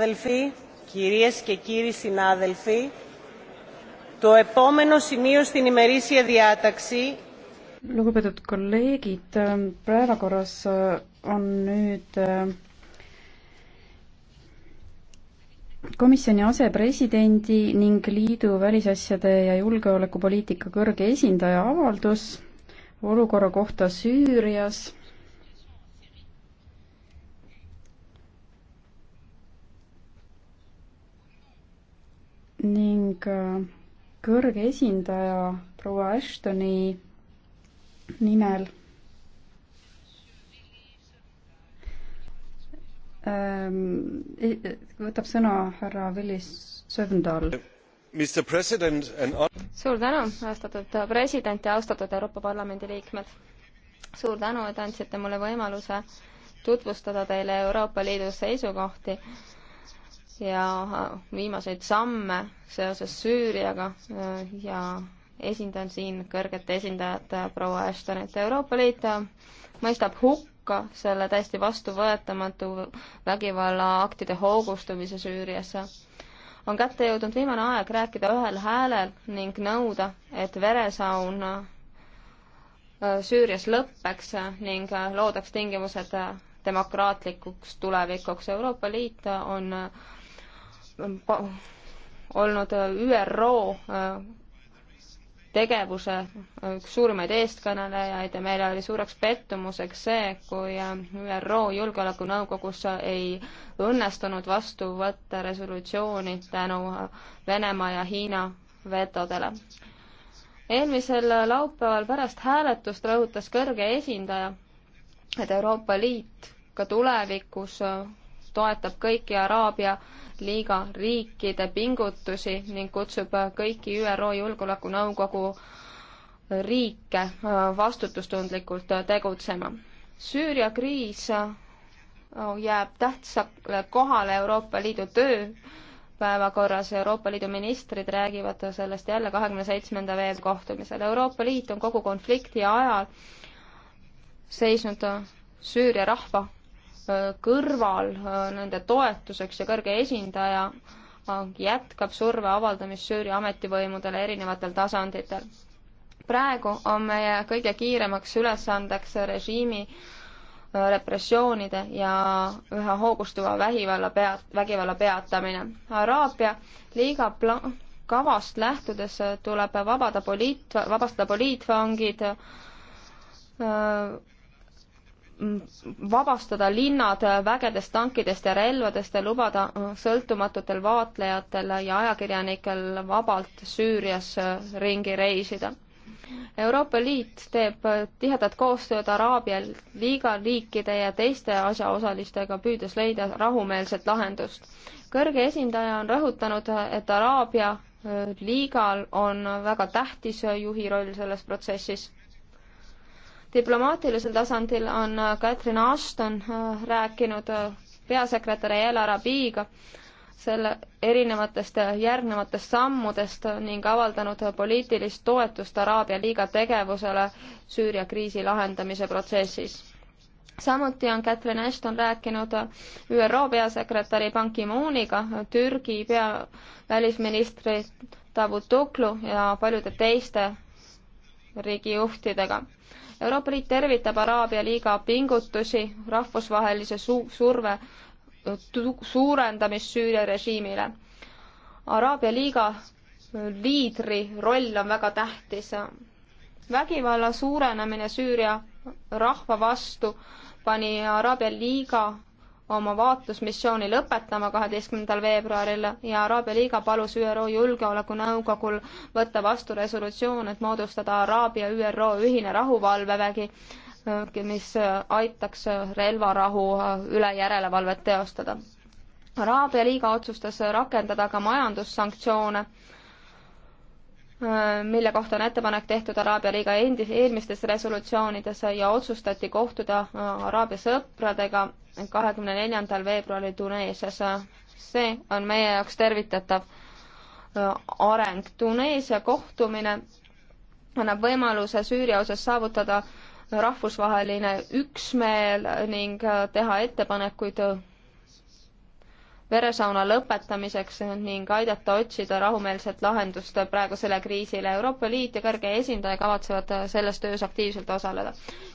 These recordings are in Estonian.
Αδελφοί, κυρίες και κύριοι συνάδελφοι, το επόμενο σημείο στην ημερήσια διάταξη Lugupeetud kolleegid, päevakorras on nüüd komisjoni asepresidendi ning liidu välisasjade ja julgeolekupoliitika kõrge esindaja avaldus olukorra kohta Süürias ning äh, kõrge esindaja proua Ashtoni nimel ähm, e-, võtab sõna härra Willis Sövndal. suur tänu, austatud president ja austatud Euroopa Parlamendi liikmed. suur tänu, et andsite mulle võimaluse tutvustada teile Euroopa Liidu seisukohti ja viimaseid samme seoses Süüriaga äh, ja esindan siin kõrget esindajat äh, proua Ashtonit. Euroopa Liit äh, mõistab hukka selle täiesti vastuvõetamatu vägivallaaktide hoogustumise Süüriasse. on kätte jõudnud viimane aeg rääkida ühel häälel ning nõuda, et veresaun Süürias lõpeks ning loodaks tingimused demokraatlikuks tulevikuks. Euroopa Liit on olnud äh, ÜRO äh, tegevuse äh, üks suurimaid eestkõnelejaid ja meile oli suureks pettumuseks see, kui ÜRO Julgeolekunõukogus ei õnnestunud vastu võtta resolutsiooni tänu Venemaa ja Hiina vetodele. eelmisel laupäeval pärast hääletust rõhutas kõrge esindaja, et Euroopa Liit ka tulevikus toetab kõiki Araabia liiga riikide pingutusi ning kutsub kõiki ÜRO Julgeolekunõukogu riike äh, vastutustundlikult äh, tegutsema. Süüria kriis äh, jääb tähtsale kohale Euroopa Liidu töö päevakorras, Euroopa Liidu ministrid räägivad sellest jälle kahekümne seitsmenda veebruari kohtumisel. Euroopa Liit on kogu konflikti ajal seisnud Süüria rahva kõrval äh, nende toetuseks ja kõrge esindaja äh, jätkab surve avaldamist Süüria ametivõimudele erinevatel tasanditel. praegu on meie kõige kiiremaks ülesandeks režiimi äh, repressioonide ja üha hoogustuva vägivalla peat-, vägivalla peatamine. Araabia liiga pla-, kavast lähtudes tuleb vabada poliit-, vabastada poliitvangid, vabastada linnad vägedest tankidest ja relvadest ja lubada sõltumatutel vaatlejatel ja ajakirjanikel vabalt Süürias ringi reisida. Euroopa Liit teeb tihedat koostööd Araabia liiga riikide ja teiste asjaosalistega, püüdes leida rahumeelset lahendust. kõrge esindaja on rõhutanud, et Araabia liigal on väga tähtis juhi roll selles protsessis diplomaatilisel tasandil on äh, Catherine Ashton äh, rääkinud äh, peasekretär El Arabiga selle erinevatest järgnevatest sammudest ning avaldanud poliitilist toetust Araabia liiga tegevusele Süüria kriisi lahendamise protsessis. samuti on Catherine Ashton rääkinud ÜRO peasekretäri Ban Ki-mooniga, Türgi pea, välisministri Davutoglu ja paljude teiste riigijuhtidega Euroopa Liit tervitab Araabia liiga pingutusi rahvusvahelise su-, surve suurendamist Süüria režiimile. Araabia liiga liidri roll on väga tähtis. vägivalla suurenemine Süüria rahva vastu pani Araabia liiga oma vaatlusmissiooni lõpetama kaheteistkümnendal veebruaril ja Araabia liiga palus ÜRO Julgeolekunõukogul võtta vastu resolutsioon, et moodustada Araabia ÜRO ühine rahuvalvevägi, äh, mis äh, aitaks äh, relvarahu üle järelevalvet teostada. Araabia liiga otsustas rakendada ka majandussanktsioone mille kohta on ettepanek tehtud Araabia liiga endis, eelmistes resolutsioonides ja otsustati kohtuda äh, Araabia sõpradega kahekümne neljandal veebruaril Tuneesias. see on meie jaoks tervitatav äh, areng. Tuneesia kohtumine annab võimaluse Süüria osas saavutada rahvusvaheline üksmeel ning äh, teha ettepanekuid veresauna lõpetamiseks ning aidata otsida rahumeelset lahendust praegusele kriisile. Euroopa Liit ja kõrge esindaja kavatsevad selles töös aktiivselt osaleda.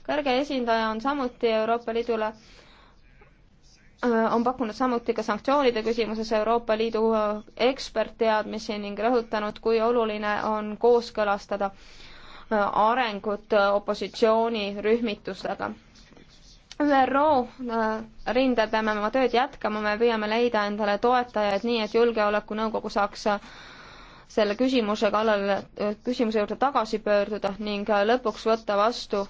kõrge esindaja on samuti Euroopa Liidule on pakkunud samuti ka sanktsioonide küsimuses Euroopa Liidu ekspertteadmisi ning rõhutanud, kui oluline on kooskõlastada arengut opositsioonirühmitustega ÜRO äh, rindel peame oma tööd jätkama, me püüame leida endale toetajaid nii, et Julgeolekunõukogu saaks äh, selle küsimuse kallal, äh, küsimuse juurde tagasi pöörduda ning lõpuks võtta vastu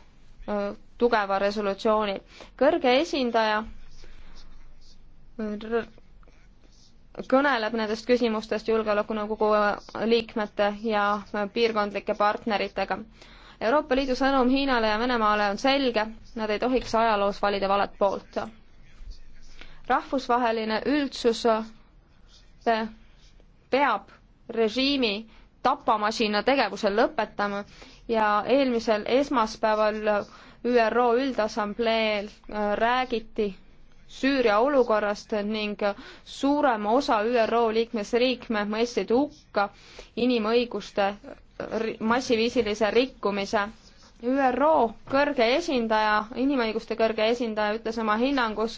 tugeva resolutsiooni. kõrge esindaja kõneleb nendest küsimustest Julgeolekunõukogu liikmete ja piirkondlike partneritega Euroopa Liidu sõnum Hiinale ja Venemaale on selge, nad ei tohiks ajaloos valida valet poolt. rahvusvaheline üldsus peab režiimi tapamasina tegevuse lõpetama ja eelmisel esmaspäeval ÜRO Üldassambleel äh, räägiti Süüria olukorrast ning suurema osa ÜRO liikmesriikme mõistsid hukka inimõiguste massiviisilise rikkumise. ÜRO kõrge esindaja, inimõiguste kõrge esindaja ütles oma hinnangus,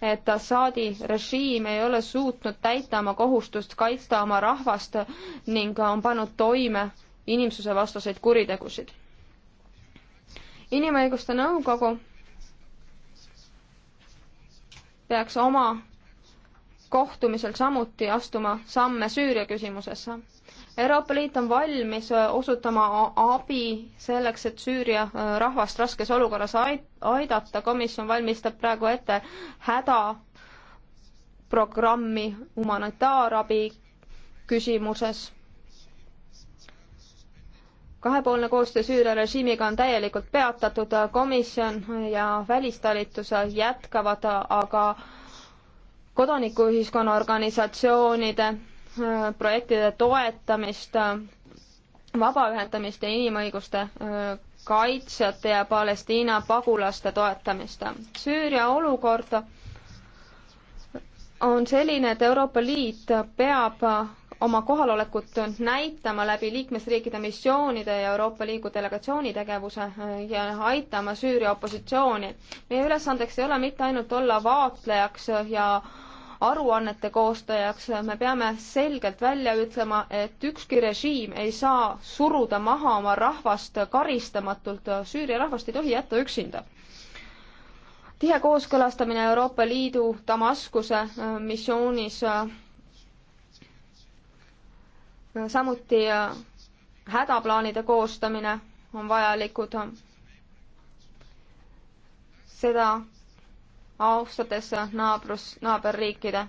et Assaadi režiim ei ole suutnud täita oma kohustust kaitsta oma rahvast ning on pannud toime inimsusevastaseid kuritegusid. inimõiguste nõukogu peaks oma kohtumisel samuti astuma samme Süüria küsimusesse Euroopa Liit on valmis äh, osutama abi selleks, et Süüria äh, rahvast raskes olukorras aidata. komisjon valmistab praegu ette hädaprogrammi humanitaarabi küsimuses. kahepoolne koostöö Süüria režiimiga on täielikult peatatud, komisjon ja välistalitus jätkavad aga kodanikuühiskonna organisatsioonide projektide toetamist, vabaühendamist ja inimõiguste äh, kaitsjate ja Palestiina pagulaste toetamist. Süüria olukord on selline, et Euroopa Liit peab oma kohalolekut näitama läbi liikmesriikide missioonide ja Euroopa Liidu delegatsiooni tegevuse äh, ja aitama Süüria opositsiooni. meie ülesandeks ei ole mitte ainult olla vaatlejaks ja äh, aruannete koostajaks, me peame selgelt välja ütlema, et ükski režiim ei saa suruda maha oma rahvast karistamatult, Süüria rahvast ei tohi jätta üksinda. tihe kooskõlastamine Euroopa Liidu Damaskuse äh, missioonis, äh, samuti äh, hädaplaanide koostamine on vajalikud seda austades naabrus, naaberriikide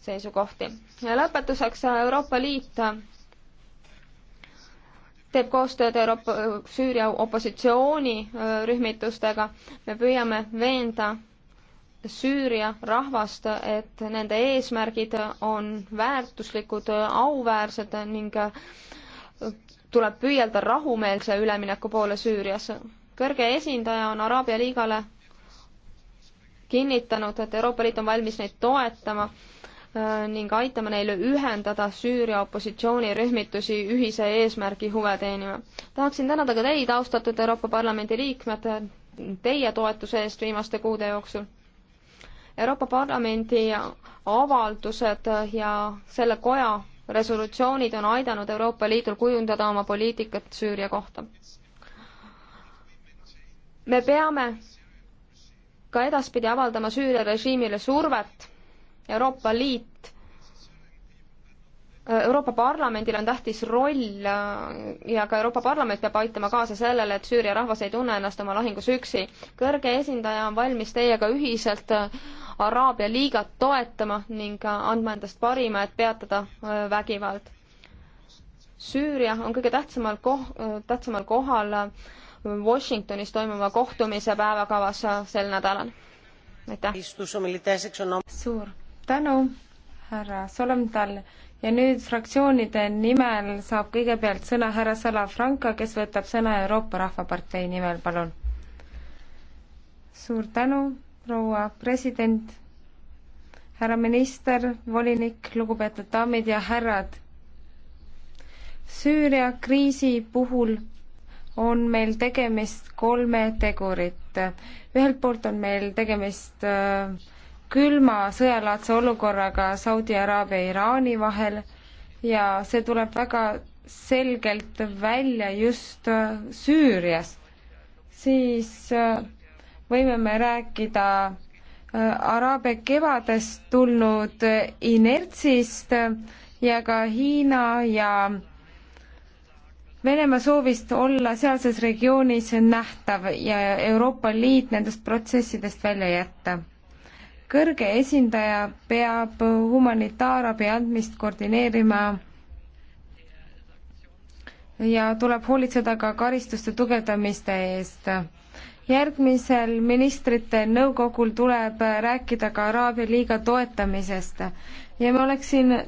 seisukohti. ja lõpetuseks Euroopa Liit teeb koostööd Euroopa, Süüria opositsioonirühmitustega. Äh, me püüame veenda Süüria rahvast, et nende eesmärgid on väärtuslikud, äh, auväärsed ning äh, tuleb püüelda rahumeelse ülemineku poole Süürias. kõrge esindaja on Araabia liigale kinnitanud, et Euroopa Liit on valmis neid toetama äh, ning aitama neile ühendada Süüria opositsioonirühmitusi ühise eesmärgi huve teenima. tahaksin tänada ka teid, austatud Euroopa Parlamendi liikmed, teie toetuse eest viimaste kuude jooksul. Euroopa Parlamendi avaldused ja selle koja resolutsioonid on aidanud Euroopa Liidul kujundada oma poliitikat Süüria kohta. me peame ka edaspidi avaldama Süüria režiimile survet. Euroopa Liit, Euroopa Parlamendil on tähtis roll äh, ja ka Euroopa Parlament peab aitama kaasa sellele, et Süüria rahvas ei tunne ennast oma lahingus üksi. kõrge esindaja on valmis teiega ühiselt äh, Araabia liigat toetama ning äh, andma endast parima, et peatada vägivald. Süüria on kõige tähtsamal koh-, tähtsamal kohal äh, Washingtonis toimuva kohtumise päevakavas sel nädalal. aitäh! suur tänu, härra Solomdal ja nüüd fraktsioonide nimel saab kõigepealt sõna härra Salafranca, kes võtab sõna Euroopa Rahvapartei nimel, palun. suur tänu, proua president, härra minister, volinik, lugupeetud daamid ja härrad. Süüria kriisi puhul on meil tegemist kolme tegurit. ühelt poolt on meil tegemist äh, külma sõjalaadse olukorraga Saudi Araabia ja Iraani vahel ja see tuleb väga selgelt välja just äh, Süürias, siis äh, võime me rääkida Araabia kevadest tulnud inertsist ja ka Hiina ja Venemaa soovist olla sealses regioonis nähtav ja Euroopa Liit nendest protsessidest välja jätta. kõrge esindaja peab humanitaarabi andmist koordineerima ja tuleb hoolitseda ka karistuste tugevdamiste eest järgmisel ministrite nõukogul tuleb rääkida ka Araabia liiga toetamisest ja me oleksime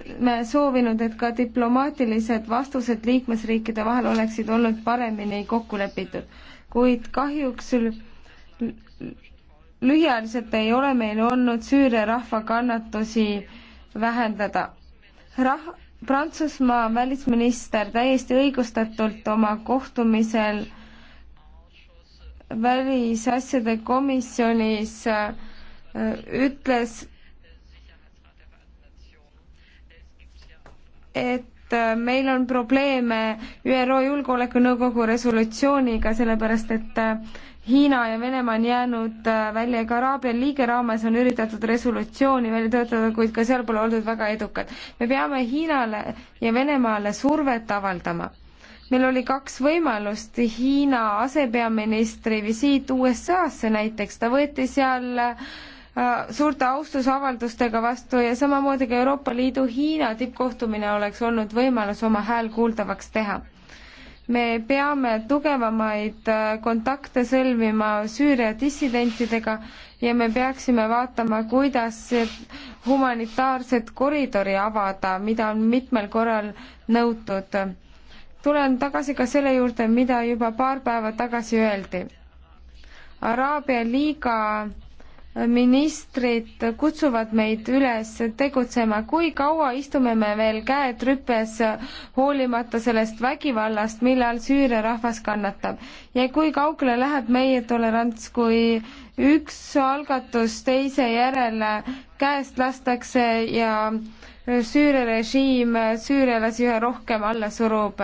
soovinud, et ka diplomaatilised vastused liikmesriikide vahel oleksid olnud paremini kokku lepitud, kuid kahjuks lühiajaliselt ei ole meil olnud Süüria rahva kannatusi vähendada. Rah-, Prantsusmaa välisminister täiesti õigustatult oma kohtumisel välisasjade komisjonis äh, ütles, et äh, meil on probleeme ÜRO Julgeolekunõukogu resolutsiooniga, sellepärast et äh, Hiina ja Venemaa on jäänud välja ka Araabia liige raames on üritatud resolutsiooni välja töötada, kuid ka seal pole oldud väga edukad. me peame Hiinale ja Venemaale survet avaldama meil oli kaks võimalust, Hiina asepeaministri visiit USA-sse näiteks, ta võeti seal äh, suurte austusavaldustega vastu ja samamoodi ka Euroopa Liidu Hiina tippkohtumine oleks olnud võimalus oma hääl kuuldavaks teha. me peame tugevamaid äh, kontakte sõlmima Süüria dissidentidega ja me peaksime vaatama, kuidas humanitaarset koridori avada, mida on mitmel korral nõutud tulen tagasi ka selle juurde, mida juba paar päeva tagasi öeldi. Araabia liiga ministrid kutsuvad meid üles tegutsema, kui kaua istume me veel käed rüpes, hoolimata sellest vägivallast, mille all Süüria rahvas kannatab ja kui kaugele läheb meie tolerants, kui üks algatus teise järele käest lastakse ja äh, Süüria režiim süürialasi üha rohkem alla surub.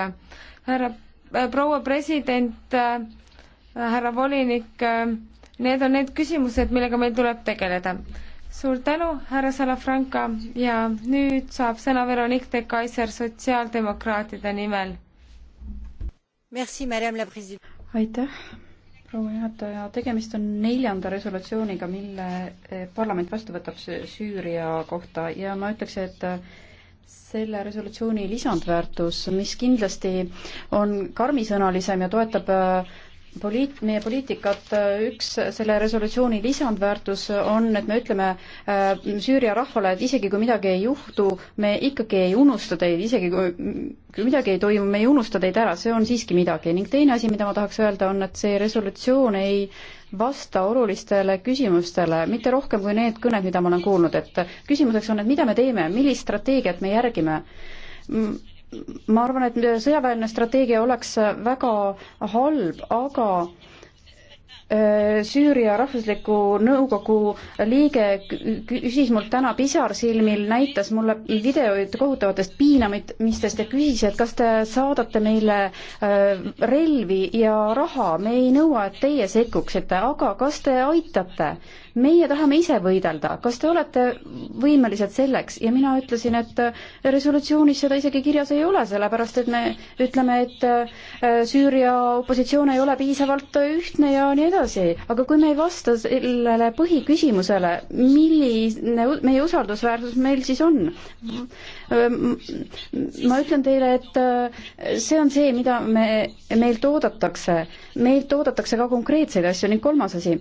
härra, äh, proua president, äh, härra volinik, äh, need on need küsimused, millega meil tuleb tegeleda. suur tänu, härra Salafranca ja nüüd saab sõna Veronique de Kaiser sotsiaaldemokraatide nimel. aitäh proua juhataja, tegemist on neljanda resolutsiooniga, mille eh, parlament vastu võtab Süüria kohta ja ma ütleks, et eh, selle resolutsiooni lisandväärtus, mis kindlasti on karmisõnalisem ja toetab eh, poliit-, meie poliitikat, äh, üks selle resolutsiooni lisandväärtus on, et me ütleme äh, Süüria rahvale, et isegi kui midagi ei juhtu, me ikkagi ei unusta teid, isegi kui, kui midagi ei toimu, me ei unusta teid ära, see on siiski midagi. ning teine asi, mida ma tahaks öelda, on, et see resolutsioon ei vasta olulistele küsimustele, mitte rohkem kui need kõned, mida ma olen kuulnud, et küsimuseks on, et mida me teeme, millist strateegiat me järgime ma arvan, et sõjaväeline strateegia oleks väga halb, aga äh, Süüria rahvusliku nõukogu liige küsis mult täna pisarsilmil, näitas mulle videoid kohutavatest piinamistest ja küsis, et kas te saadate meile äh, relvi ja raha, me ei nõua, et teie sekkuksite, aga kas te aitate meie tahame ise võidelda, kas te olete võimelised selleks ja mina ütlesin, et äh, resolutsioonis seda isegi kirjas ei ole, sellepärast et me ütleme, et äh, Süüria opositsioon ei ole piisavalt äh, ühtne ja nii edasi, aga kui me ei vasta sellele põhiküsimusele, milline meie usaldusväärsus meil siis on? ma ütlen teile, et see on see, mida me, meilt oodatakse. meilt oodatakse ka konkreetseid asju ning kolmas asi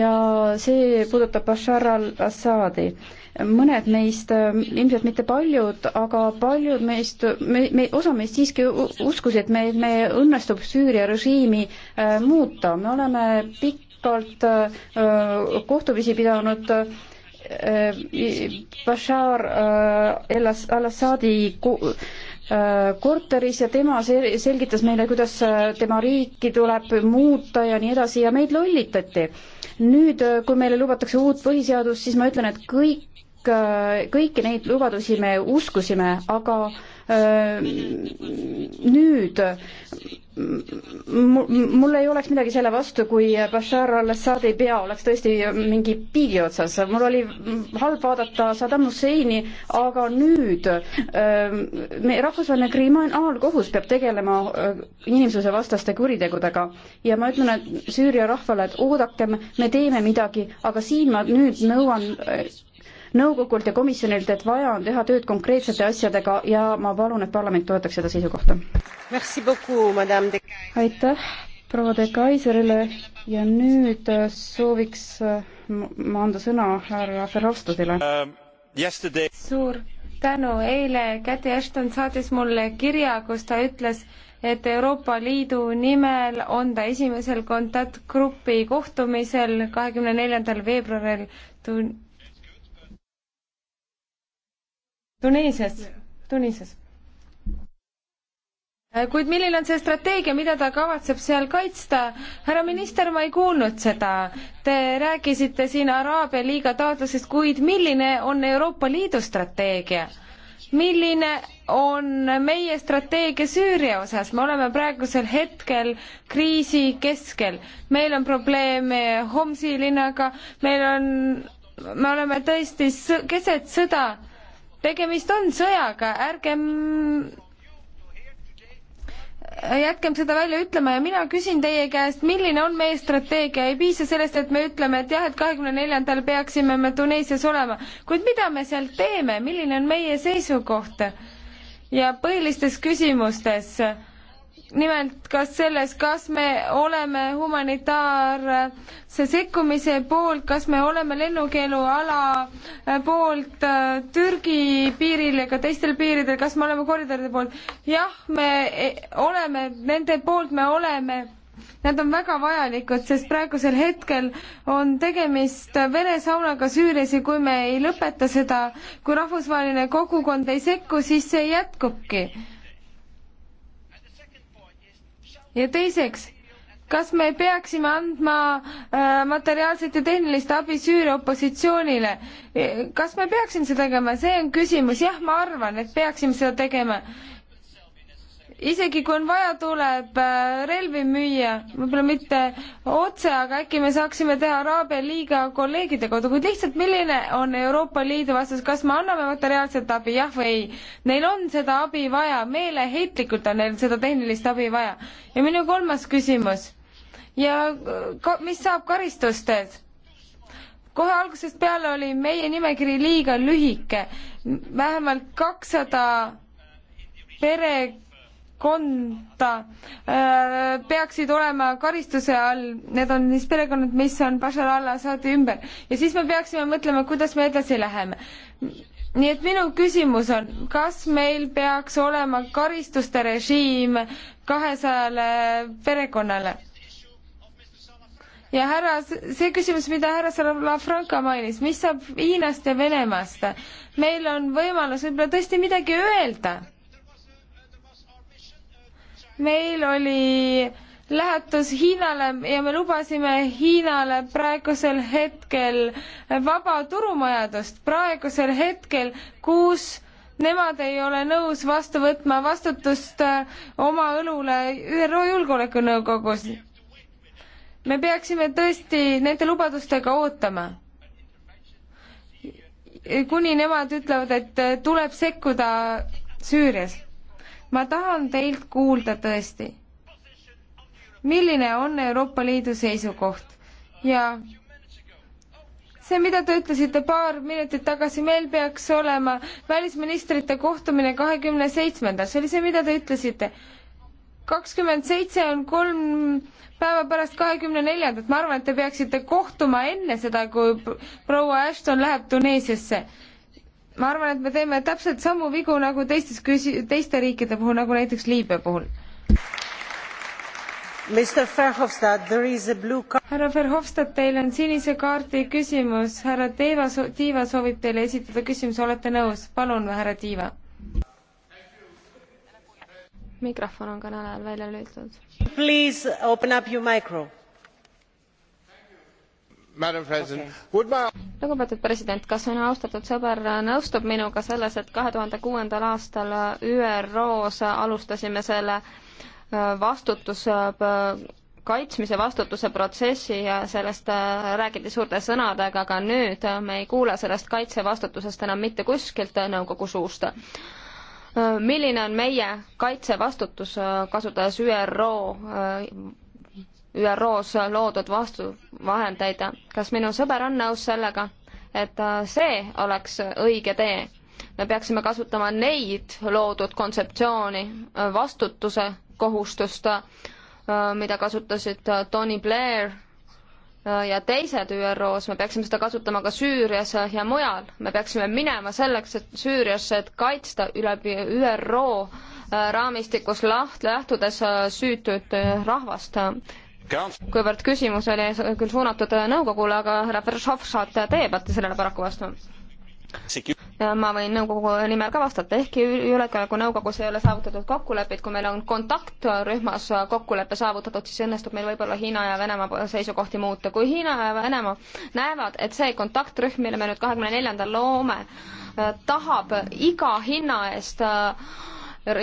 ja see puudutab Bashar al-Assadi. mõned meist, ilmselt mitte paljud, aga paljud meist, me, me, osa meist siiski uskusid, et me, me õnnestub Süüria režiimi muuta, me oleme pikk pikalt kohtumisi pidanud äh, Äh, Bashar äh, al-Assadi äh, korteris ja tema selgitas meile, kuidas tema riiki tuleb muuta ja nii edasi ja meid lollitati. nüüd, kui meile lubatakse uut põhiseadust, siis ma ütlen, et kõik, kõiki neid lubadusi me uskusime, aga nüüd mul ei oleks midagi selle vastu, kui Bashar al-Assadi pea oleks tõesti mingi piigi otsas. mul oli halb vaadata Saddam Husseini, aga nüüd ähm, me, rahvusvaheline kriminaalkohus peab tegelema äh, inimsuse vastaste kuritegudega ja ma ütlen, et Süüria rahvale, et oodakem, me teeme midagi, aga siin ma nüüd nõuan äh, nõukogult ja komisjonilt, et vaja on teha tööd konkreetsete asjadega ja ma palun, et parlament toetaks seda seisukohta. aitäh proua de Kaiserile ja nüüd äh, sooviks äh, ma anda sõna härra Verhofstadile um,. Yesterday... suur tänu, eile Käti Ashton saatis mulle kirja, kus ta ütles, et Euroopa Liidu nimel on ta esimesel kontaktgrupi kohtumisel kahekümne neljandal veebruaril tun-, Tuneesias, Tuneesias. Äh, kuid milline on see strateegia, mida ta kavatseb seal kaitsta? härra minister, ma ei kuulnud seda. Te rääkisite siin Araabia liiga taotlusest, kuid milline on Euroopa Liidu strateegia? milline on meie strateegia Süüria osas, me oleme praegusel hetkel kriisi keskel. meil on probleeme Homsi linnaga, meil on, me oleme tõesti keset sõda tegemist on sõjaga, ärgem jätkem seda välja ütlema ja mina küsin teie käest, milline on meie strateegia, ei piisa sellest, et me ütleme, et jah, et kahekümne neljandal peaksime me Tuneesias olema, kuid mida me seal teeme, milline on meie seisukoht ja põhilistes küsimustes äh, nimelt kas selles, kas me oleme humanitaarse sekkumise poolt, kas me oleme lennukeeluala äh, poolt äh, Türgi piiril ja ka teistel piiridel, kas me oleme koridoride poolt? jah, me e, oleme nende poolt, me oleme. Nad on väga vajalikud, sest praegusel hetkel on tegemist Vene saunaga Süürias ja kui me ei lõpeta seda, kui rahvusvaheline kogukond ei sekku, siis see jätkubki ja teiseks, kas me peaksime andma äh, materiaalset ja tehnilist abi Süüria opositsioonile? kas me peaksime seda tegema, see on küsimus, jah, ma arvan, et peaksime seda tegema isegi kui on vaja, tuleb äh, relvi müüa, võib-olla mitte otse, aga äkki me saaksime teha Araabia liiga kolleegide kaudu, kuid lihtsalt milline on Euroopa Liidu vastus, kas me anname materiaalset abi, jah või ei? Neil on seda abi vaja, meeleheitlikult on neil seda tehnilist abi vaja. ja minu kolmas küsimus. ja äh, ka, mis saab karistustest? kohe algusest peale oli meie nimekiri liiga lühike, vähemalt kakssada 200 pere konda äh, peaksid olema karistuse all, need on siis perekonnad, mis on Bashar al-Assadi ümber ja siis me peaksime mõtlema, kuidas me edasi läheme. nii et minu küsimus on, kas meil peaks olema karistuste režiim kahesajale perekonnale? ja härra, see küsimus, mida härra Salafranca mainis, mis saab Hiinast ja Venemaast? meil on võimalus võib-olla tõesti midagi öelda meil oli lähetus Hiinale ja me lubasime Hiinale praegusel hetkel vaba turumajandust, praegusel hetkel, kus nemad ei ole nõus vastu võtma vastutust äh, oma õlule ÜRO Julgeolekunõukogus. me peaksime tõesti nende lubadustega ootama kuni nemad ütlevad, et äh, tuleb sekkuda Süürias ma tahan teilt kuulda tõesti, milline on Euroopa Liidu seisukoht ja see, mida te ütlesite paar minutit tagasi, meil peaks olema välisministrite kohtumine kahekümne seitsmendal, see oli see, mida te ütlesite. kakskümmend seitse on kolm päeva pärast kahekümne neljandat, ma arvan, et te peaksite kohtuma enne seda, kui proua Ashton läheb Tuneesiasse ma arvan, et me teeme täpselt samu vigu nagu teistes küsi-, teiste riikide puhul, nagu näiteks Liibüa puhul. härra Verhofstadt, teil on sinise kaardi küsimus, härra Teeva, Tiiva soovib teile esitada küsimuse, olete nõus? palun, härra Tiiva. mikrofon on kõnelejal välja lülitatud. Please open up your micro lugupeetud president, kas minu austatud sõber nõustub minuga selles, et kahe tuhande kuuendal aastal ÜRO-s alustasime selle äh, vastutus, äh, kaitsmise vastutuse protsessi ja sellest äh, räägiti suurte sõnadega, aga nüüd me ei kuule sellest kaitsevastutusest enam mitte kuskilt nõukogu suust milline on meie kaitsevastutus, kasutades ÜRO ÜRO-s loodud vastuvahendeid. kas minu sõber on nõus sellega, et see oleks õige tee? me peaksime kasutama neid loodud kontseptsiooni, vastutuse kohustust, mida kasutasid Tony Blair ja teised ÜRO-s, me peaksime seda kasutama ka Süürias ja mujal. me peaksime minema selleks, et Süüriasse, et kaitsta üle ÜRO raamistikus laht-, lähtudes süütut rahvast kuivõrd küsimus oli küll suunatud nõukogule, aga härra Veršov saate teie peate sellele paraku vastama. Ja ma võin nõukogu nimel ka vastata, ehkki Julgeolekunõukogus ei ole saavutatud kokkulepet, kui meil on kontaktrühmas kokkulepe saavutatud, siis õnnestub meil võib-olla Hiina ja Venemaa seisukohti muuta. kui Hiina ja Venemaa näevad, et see kontaktrühm, mille me nüüd kahekümne neljandal loome, tahab iga hinna eest äh,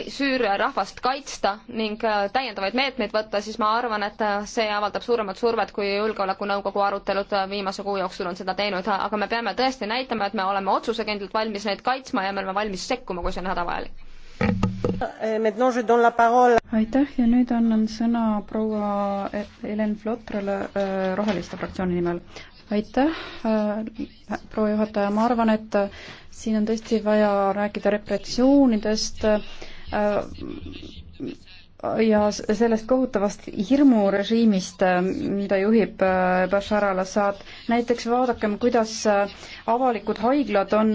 Süüria rahvast kaitsta ning äh, täiendavaid meetmeid võtta, siis ma arvan, et äh, see avaldab suuremat survet, kui Julgeolekunõukogu arutelud äh, viimase kuu jooksul on seda teinud, aga me peame tõesti näitama, et me oleme otsusekindlalt valmis neid kaitsma ja me oleme valmis sekkuma, kui see on hädavajalik. aitäh ja nüüd annan sõna proua e-, Helen Flotrale Roheliste fraktsiooni nimel aitäh, proua juhataja, ma arvan, et siin on tõesti vaja rääkida repressioonidest, Äh, ja sellest kohutavast hirmurežiimist, äh, mida juhib äh, Bashar al-Assad. näiteks vaadakem, kuidas avalikud haiglad on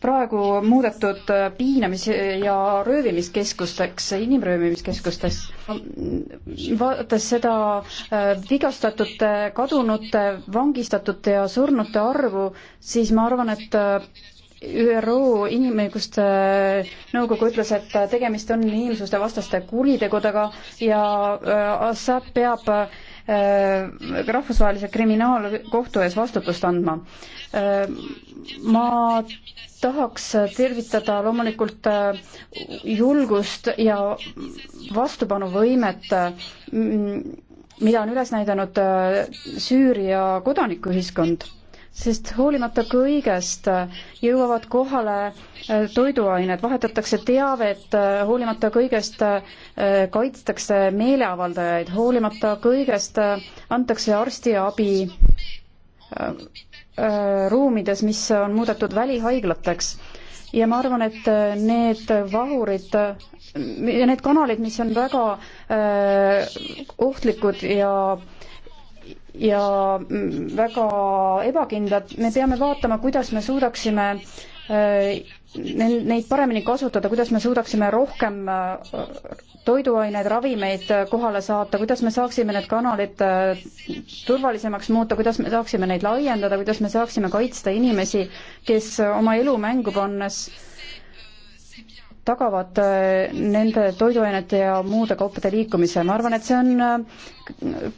praegu muudetud piinamis- ja röövimiskeskusteks, inimröövimiskeskusteks. vaadates seda vigastatute, kadunute, vangistatute ja surnute arvu, siis ma arvan, et ÜRO Inimõiguste Nõukogu ütles, et tegemist on inimsuste vastaste kuritegudega ja äh, Assad peab äh, rahvusvahelise kriminaalkohtu ees vastutust andma. Äh, ma tahaks tervitada loomulikult julgust ja vastupanuvõimet, mida on üles näidanud Süüria kodanikuühiskond sest hoolimata kõigest äh, jõuavad kohale äh, toiduained, vahetatakse teavet, äh, hoolimata kõigest kaitstakse meeleavaldajaid, hoolimata kõigest antakse arstiabi ruumides, mis on muudetud välihaiglateks. ja ma arvan, et need vahurid, need kanalid, mis on väga ohtlikud ja äh, ja väga ebakindlad, me peame vaatama, kuidas me suudaksime äh, neid paremini kasutada, kuidas me suudaksime rohkem äh, toiduaineid, ravimeid äh, kohale saata, kuidas me saaksime need kanalid turvalisemaks muuta, kuidas me saaksime neid laiendada, kuidas me saaksime kaitsta inimesi, kes oma elu mängu pannes äh, tagavad äh, nende toiduainete ja muude kaupade liikumise. ma arvan, et see on äh,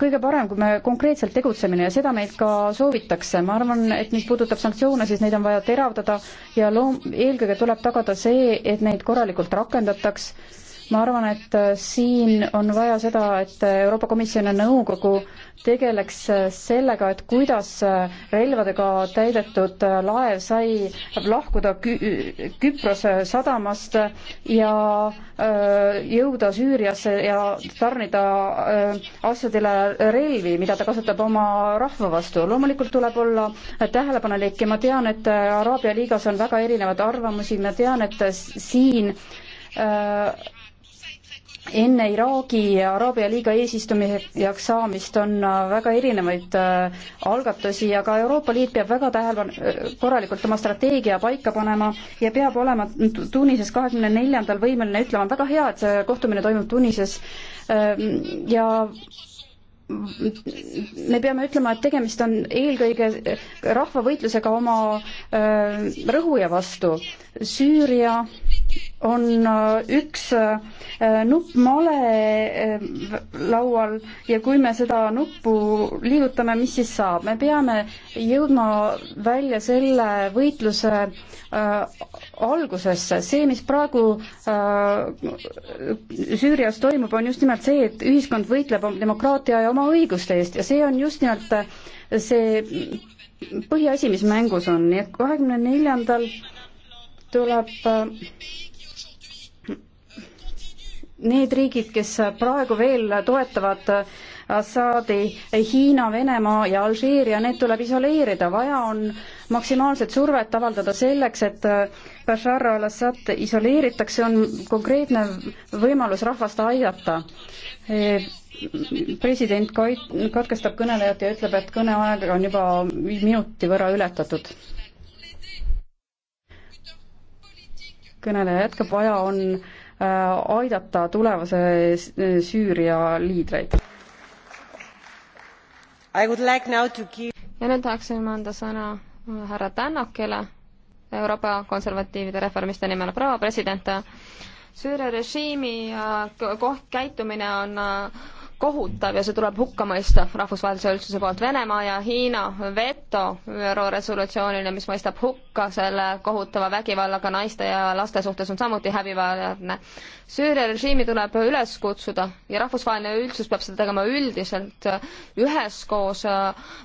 kõige parem, kui me konkreetselt tegutsemine ja seda meilt ka soovitakse. ma arvan, et mis puudutab sanktsioone, siis neid on vaja teravdada ja loom-, eelkõige tuleb tagada see, et neid korralikult rakendataks ma arvan, et äh, siin on vaja seda, et äh, Euroopa Komisjon ja nõukogu tegeleks äh, sellega, et kuidas relvadega täidetud laev sai lahkuda Kü Küprose sadamast ja jõuda Süüriasse ja tarnida asjadele relvi, mida ta kasutab oma rahva vastu. loomulikult tuleb olla tähelepanelik ja ma tean, et Araabia liigas on väga erinevad arvamusi, ma tean, et siin äh, enne Iraagi ja Araabia liiga eesistujaks saamist on äh, väga erinevaid äh, algatusi, aga Euroopa Liit peab väga tähelepan-, äh, korralikult oma strateegia paika panema ja peab olema Tunises kahekümne neljandal võimeline ütlema, on väga hea, et see kohtumine toimub Tunises ähm, ja me peame ütlema, et tegemist on eelkõige rahvavõitlusega oma rõhuja vastu. Süüria on äh, üks äh, nupp male äh, laual ja kui me seda nuppu liigutame, mis siis saab? me peame jõudma välja selle võitluse algusesse. see, mis praegu Süürias toimub, on just nimelt see, et ühiskond võitleb demokraatia ja oma õiguste eest ja see on just nimelt see põhiasi, mis mängus on, nii et kahekümne neljandal tuleb need riigid, kes praegu veel toetavad Assaadi, Hiina, Venemaa ja Alžeeria, need tuleb isoleerida, vaja on maksimaalset survet avaldada selleks, et Bashar al-Assad isoleeritakse, on konkreetne võimalus rahvast aidata. president kait-, katkestab kõnelejat ja ütleb, et kõneaeg on juba minuti võrra ületatud kõneleja jätkab, vaja on Äh, aidata tulevase Süüria liidreid. Like give... ja nüüd tahaksin ma anda sõna äh, härra Tännakile, Euroopa konservatiivide reformiste nimel proua president. Äh, Süüria režiimi koht, käitumine on kohutav ja see tuleb hukka mõista rahvusvahelise üldsuse poolt. Venemaa ja Hiina veto ÜRO resolutsioonile, mis mõistab hukka selle kohutava vägivallaga naiste ja laste suhtes, on samuti häbiväärne. Süüria režiimi tuleb üles kutsuda ja rahvusvaheline üldsus peab seda tegema üldiselt üheskoos.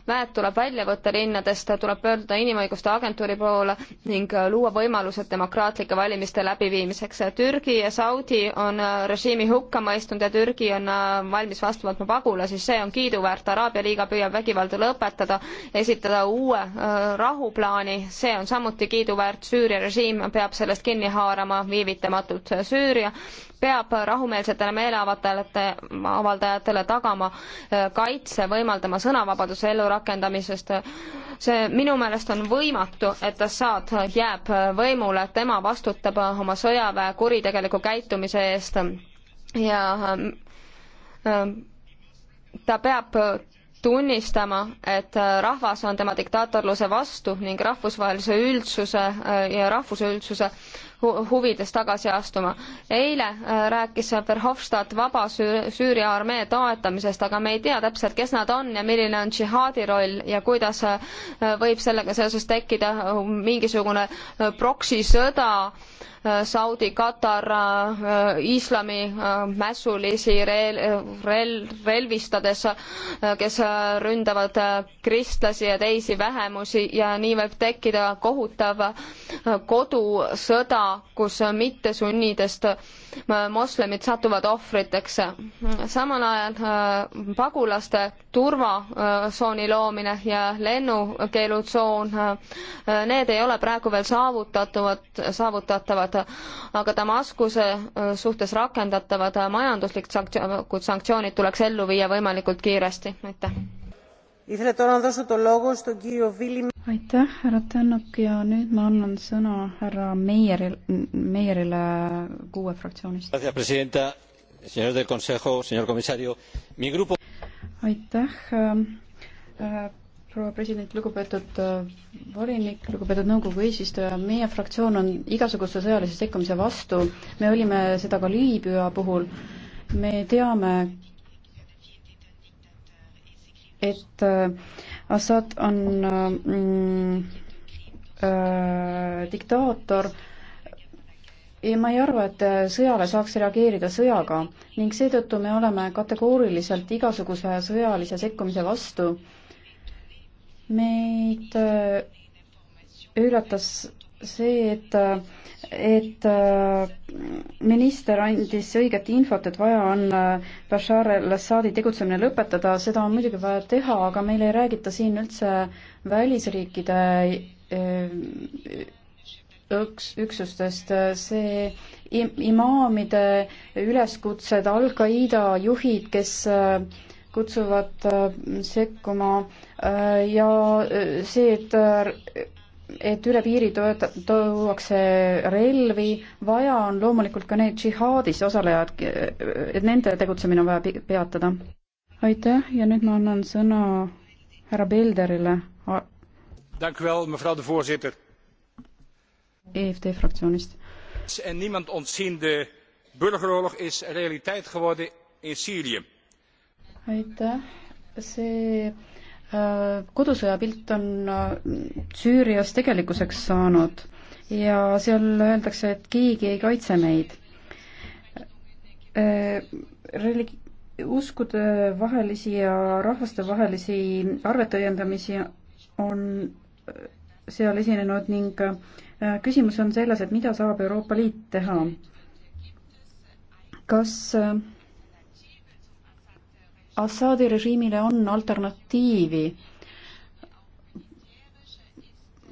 väed äh, tuleb välja võtta linnadest, tuleb pöörduda inimõiguste agentuuri poole ning äh, luua võimalused demokraatlike valimiste läbiviimiseks. Türgi ja Saudi on äh, režiimi hukka mõistnud ja Türgi on valmis vastu võtma pagulasi, see on kiiduväärt. Araabia liiga püüab vägivalda lõpetada, esitada uue rahuplaani, see on samuti kiiduväärt. Süüria režiim peab sellest kinni haarama viivitamatult. Süüria peab rahumeelsetele meeleavaldajatele, avaldajatele tagama kaitse, võimaldama sõnavabaduse ellurakendamisest. see minu meelest on võimatu, et Assad jääb võimule, tema vastutab oma sõjaväe kuritegeliku käitumise eest ja Ähm, ta peab äh, tunnistama, et äh, rahvas on tema diktaatorluse vastu ning rahvusvahelise üldsuse äh, ja rahvuse üldsuse huvides tagasi astuma. eile rääkis Verhofstadt vaba Süüria armee toetamisest, aga me ei tea täpselt, kes nad on ja milline on džihaadi roll ja kuidas võib sellega seoses tekkida mingisugune proksisõda Saudi, Katar, äh, islami äh, mässulisi rel-, rel-, relvistades, äh, kes ründavad kristlasi ja teisi vähemusi ja nii võib tekkida kohutav kodusõda, kus mittesunnidest moslemid satuvad ohvriteks. samal ajal pagulaste turvatsooni loomine ja lennukeelutsoon, need ei ole praegu veel saavutatavad, saavutatavad saanud, aga Damaskuse äh, suhtes rakendatavad äh, majanduslikud sanktsioonid, sanktsioonid tuleks ellu viia võimalikult kiiresti, aitäh. aitäh, härra Tänak ja nüüd ma annan sõna härra Meieril, Meierile kuue fraktsioonist. aitäh, äh, proua president, lugupeetud äh, volinik, lugupeetud nõukogu eesistuja, meie fraktsioon on igasuguse sõjalise sekkumise vastu, me olime seda ka Liibüa puhul, me teame, et äh, Assad on äh, mm, äh, diktaator ei, ma ei arva, et sõjale saaks reageerida sõjaga ning seetõttu me oleme kategooriliselt igasuguse sõjalise sekkumise vastu äh, meid äh, üllatas see, et, äh, et äh, minister andis õiget infot, et vaja on Bashar al-Assadi tegutsemine lõpetada, seda on muidugi vaja teha, aga meil ei räägita siin üldse välisriikide üks, üksustest, see imaamide üleskutsed, Al-Qaeda juhid, kes äh, kutsuvad äh, sekkuma äh, ja äh, see, et et üle piiri toeta-, tuuakse relvi, vaja on loomulikult ka neid džihaadis osalejad, et nende tegutsemine on vaja peatada. aitäh ja nüüd ma annan sõna härra Belderile. EFD e fraktsioonist. en er niemand ontzien de burgeroorlog is realiteit geworden in Syrië aitäh, see äh, kodusõja pilt on äh, Süürias tegelikkuseks saanud ja seal öeldakse, et keegi ei kaitse meid. Äh, Relig-, uskudevahelisi ja rahvastevahelisi arveteõiendamisi on seal esinenud ning küsimus on selles, et mida saab Euroopa Liit teha. kas äh, Assaadi režiimile on alternatiivi.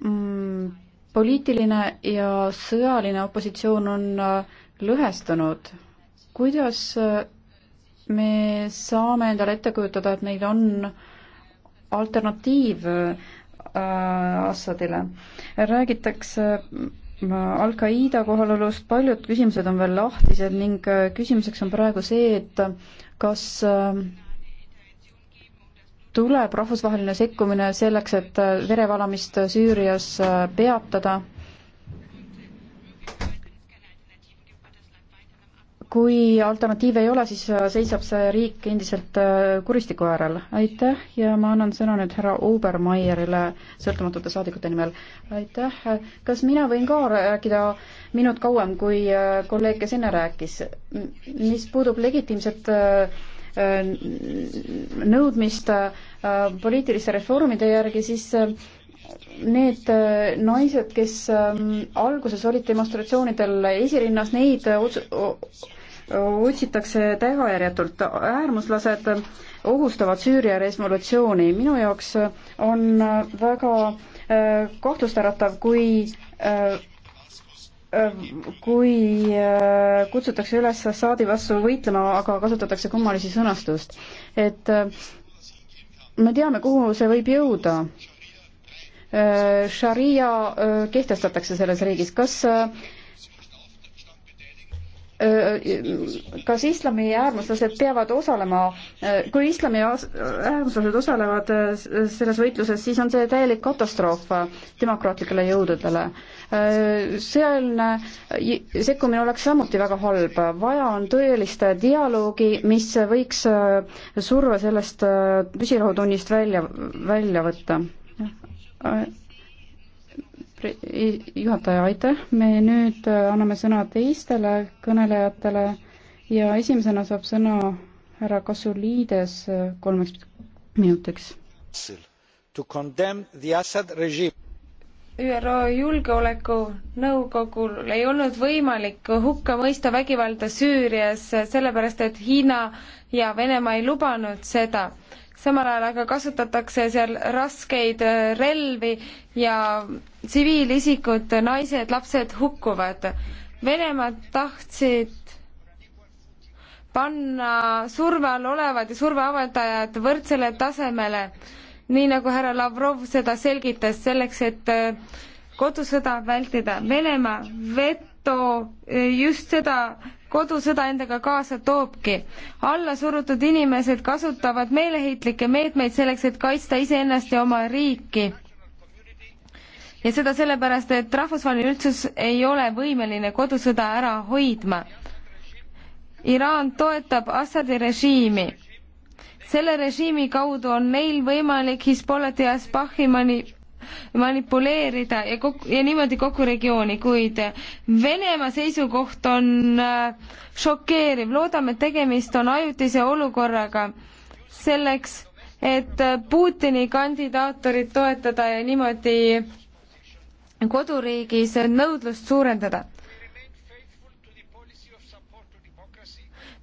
Mm, poliitiline ja sõjaline opositsioon on äh, lõhestunud. kuidas äh, me saame endale ette kujutada, et neil on alternatiiv äh, Assadile? räägitakse Al-Qaeda kohalolust, paljud küsimused on veel lahtised ning küsimuseks on praegu see, et kas äh, tuleb rahvusvaheline sekkumine selleks, et äh, verevalamist äh, Süürias äh, peatada. kui alternatiive ei ole, siis seisab see riik endiselt kuristiku äärel. aitäh ja ma annan sõna nüüd härra Obermeierile sõltumatute saadikute nimel. aitäh, kas mina võin ka rääkida minut kauem, kui kolleeg, kes enne rääkis? mis puudub legitiimset Äh, nõudmist äh, poliitiliste reformide järgi, siis äh, need naised, kes alguses olid demonstratsioonidel esirinnas, neid otsitakse tagajärjetult. äärmuslased ohustavad Süüria resolutsiooni. minu jaoks on väga kahtlustäratav, kui Ehm, kui äh, kutsutakse üles Assaadi vastu võitlema, aga kasutatakse kummalisi sõnastust, et äh, me teame, kuhu see võib jõuda. Sharia äh, kehtestatakse selles riigis, kas Äh, kas islami äärmuslased peavad osalema, äh, kui islami äärmuslased osalevad äh, selles võitluses, siis on see täielik katastroof demokraatlikele jõududele. sealne sekkumine oleks samuti väga halb, vaja on tõelist dialoogi, mis võiks surve sellest püsirohutunnist välja, välja võtta juhataja, aitäh, me nüüd äh, anname sõna teistele kõnelejatele ja esimesena saab sõna härra Kasuliides äh, kolmeks minutiks. ÜRO Julgeolekunõukogul ei olnud võimalik hukka mõista vägivalda Süürias, sellepärast et Hiina ja Venemaa ei lubanud seda samal ajal aga kasutatakse seal raskeid äh, relvi ja tsiviilisikud, naised, lapsed hukkuvad. Venemaad tahtsid panna surve all olevad ja surveavaldajad võrdsele tasemele, nii nagu härra Lavrov seda selgitas, selleks et äh, kodusõda vältida. Venemaa veto äh, just seda kodusõda endaga kaasa toobki. allasurutud inimesed kasutavad meeleheitlikke meetmeid selleks, et kaitsta iseennast ja oma riiki ja seda sellepärast, et rahvusvaheline üldsus ei ole võimeline kodusõda ära hoidma. Iraan toetab Assadi režiimi. selle režiimi kaudu on neil võimalik Hezbollah'i ja Spahhimani manipuleerida ja kokku, ja niimoodi kogu regiooni, kuid Venemaa seisukoht on äh, šokeeriv, loodame, et tegemist on ajutise olukorraga selleks, et äh, Putini kandidaatorit toetada ja niimoodi koduriigis nõudlust suurendada.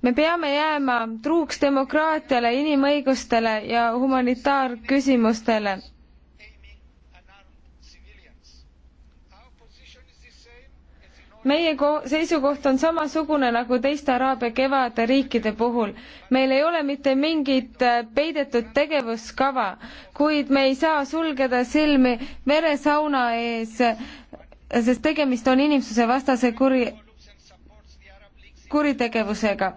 me peame jääma truuks demokraatiale, inimõigustele ja humanitaarküsimustele meie ko-, seisukoht on samasugune nagu teiste Araabia kevade riikide puhul. meil ei ole mitte mingit äh, peidetud tegevuskava, kuid me ei saa sulgeda silmi veresauna ees, sest tegemist on inimsusevastase kuri, kuritegevusega.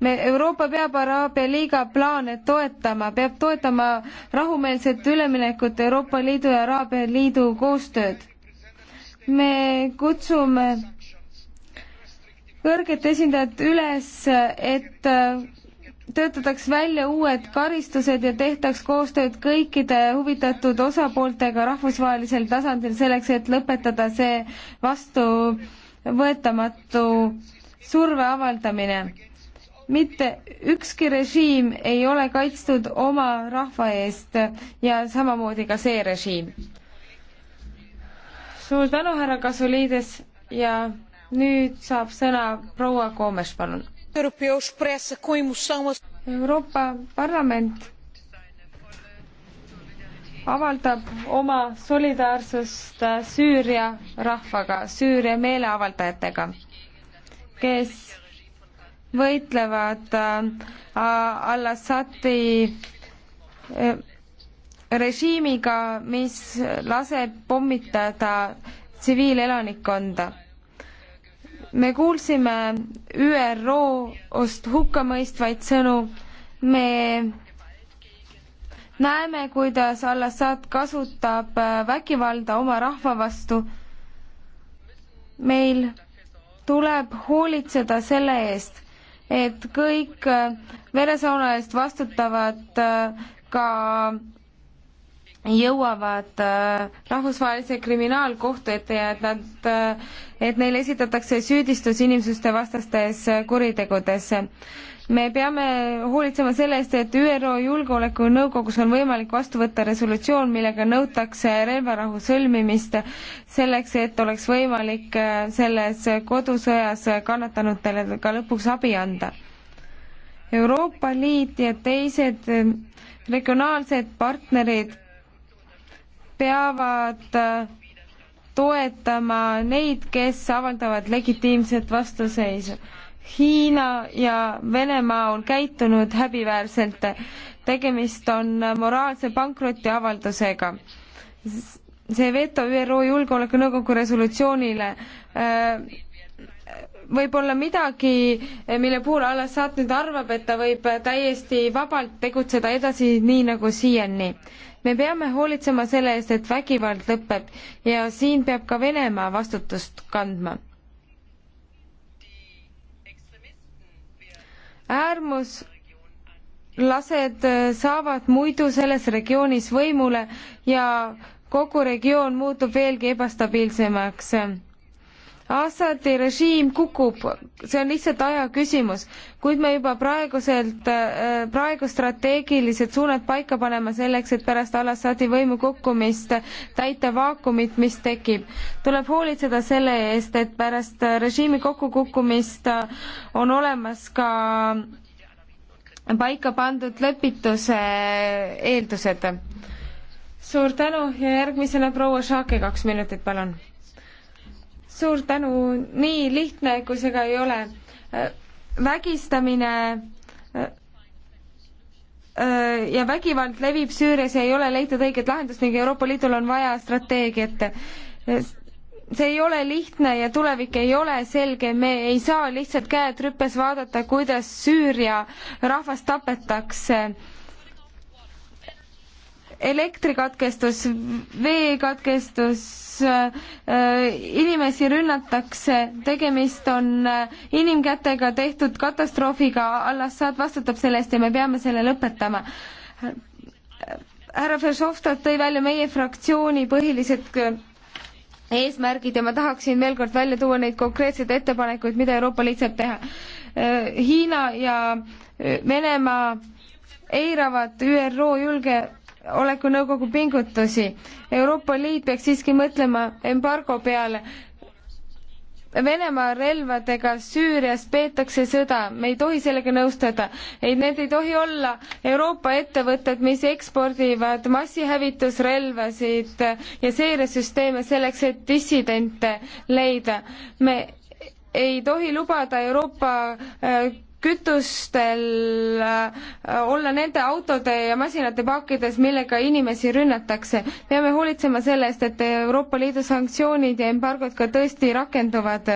me, Euroopa peab Araabia Liiga plaane toetama, peab toetama rahumeelset üleminekut Euroopa Liidu ja Araabia Liidu koostööd. me kutsume kõrget esindajat üles, et äh, töötataks välja uued karistused ja tehtaks koostööd kõikide huvitatud osapooltega rahvusvahelisel tasandil selleks, et lõpetada see vastuvõetamatu surve avaldamine. mitte ükski režiim ei ole kaitstud oma rahva eest ja samamoodi ka see režiim. suur tänu, härra Kasuliides ja nüüd saab sõna proua Koomes, palun. Euroopa Parlament avaldab oma solidaarsust Süüria rahvaga, Süüria meeleavaldajatega, kes võitlevad äh, al-Assadi äh, režiimiga, mis laseb pommitada tsiviilelanikkonda me kuulsime ÜRO-st hukkamõistvaid sõnu, me näeme, kuidas Al-Assad kasutab äh, vägivalda oma rahva vastu. meil tuleb hoolitseda selle eest, et kõik äh, veresauna eest vastutavad äh, ka jõuavad äh, rahvusvahelise kriminaalkohtu ette ja et nad, äh, et neile esitatakse süüdistus inimsusevastastes äh, kuritegudes. me peame hoolitsema selle eest, et ÜRO Julgeolekunõukogus on võimalik vastu võtta resolutsioon, millega nõutakse relvarahu sõlmimist selleks, et oleks võimalik selles kodusõjas kannatanutele ka lõpuks abi anda. Euroopa Liit ja teised regionaalsed partnerid peavad äh, toetama neid, kes avaldavad legitiimset vastuseisu. Hiina ja Venemaa on käitunud häbiväärselt. tegemist on moraalse pankrotiavaldusega. see veto ÜRO Julgeolekunõukogu resolutsioonile äh, võib olla midagi, mille puhul Al-Assad nüüd arvab, et ta võib täiesti vabalt tegutseda edasi, nii nagu siiani me peame hoolitsema selle eest, et vägivald lõpeb ja siin peab ka Venemaa vastutust kandma. äärmuslased äh, saavad muidu selles regioonis võimule ja kogu regioon muutub veelgi ebastabiilsemaks Assadi režiim kukub, see on lihtsalt aja küsimus, kuid me juba praeguselt, äh, praegu strateegilised suunad paika panema selleks, et pärast al-Assadi võimu kukkumist täita vaakumit, mis tekib. tuleb hoolitseda selle eest, et pärast režiimi kokkukukkumist on olemas ka paika pandud lepituse eeldused. suur tänu ja järgmisena proua Šake, kaks minutit, palun suur tänu, nii lihtne kui see ka ei ole. Äh, vägistamine äh, äh, ja vägivald levib Süürias ja ei ole leitud õiget lahendust ning Euroopa Liidul on vaja strateegiat. see ei ole lihtne ja tulevik ei ole selge, me ei saa lihtsalt käed rüpes vaadata, kuidas Süüria rahvast tapetakse elektrikatkestus, veekatkestus, äh, inimesi rünnatakse, tegemist on äh, inimkätega tehtud katastroofiga, Al-Assad vastutab selle eest ja me peame selle lõpetama. härra Verhofstadt tõi välja meie fraktsiooni põhilised äh, eesmärgid ja ma tahaksin veel kord välja tuua neid konkreetseid ettepanekuid, mida Euroopa Liit saab teha. Hiina ja Venemaa eiravad ÜRO julge julgeoleku nõukogu pingutusi. Euroopa Liit peaks siiski mõtlema embargo peale. Venemaa relvadega Süürias peetakse sõda, me ei tohi sellega nõustuda. ei, need ei tohi olla Euroopa ettevõtted, mis ekspordivad massihävitusrelvasid ja seiresüsteeme selleks, et dissidente leida. me ei tohi lubada Euroopa äh, kütustel äh, olla nende autode ja masinate pakkides, millega inimesi rünnatakse. peame hoolitsema selle eest, et Euroopa Liidu sanktsioonid ja embargod ka tõesti rakenduvad.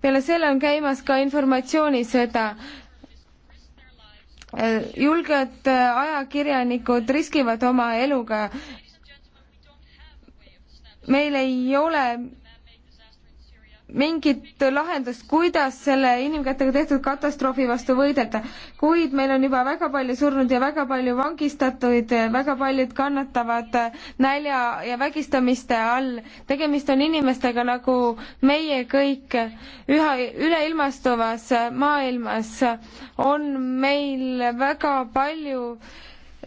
peale selle on käimas ka informatsioonisõda äh, julged äh, ajakirjanikud riskivad oma eluga. meil ei ole mingit lahendust, kuidas selle inimkätega tehtud katastroofi vastu võidelda. kuid meil on juba väga palju surnud ja väga palju vangistatuid, väga paljud kannatavad nälja ja vägistamiste all. tegemist on inimestega nagu meie kõik. üha üleilmastuvas maailmas on meil väga palju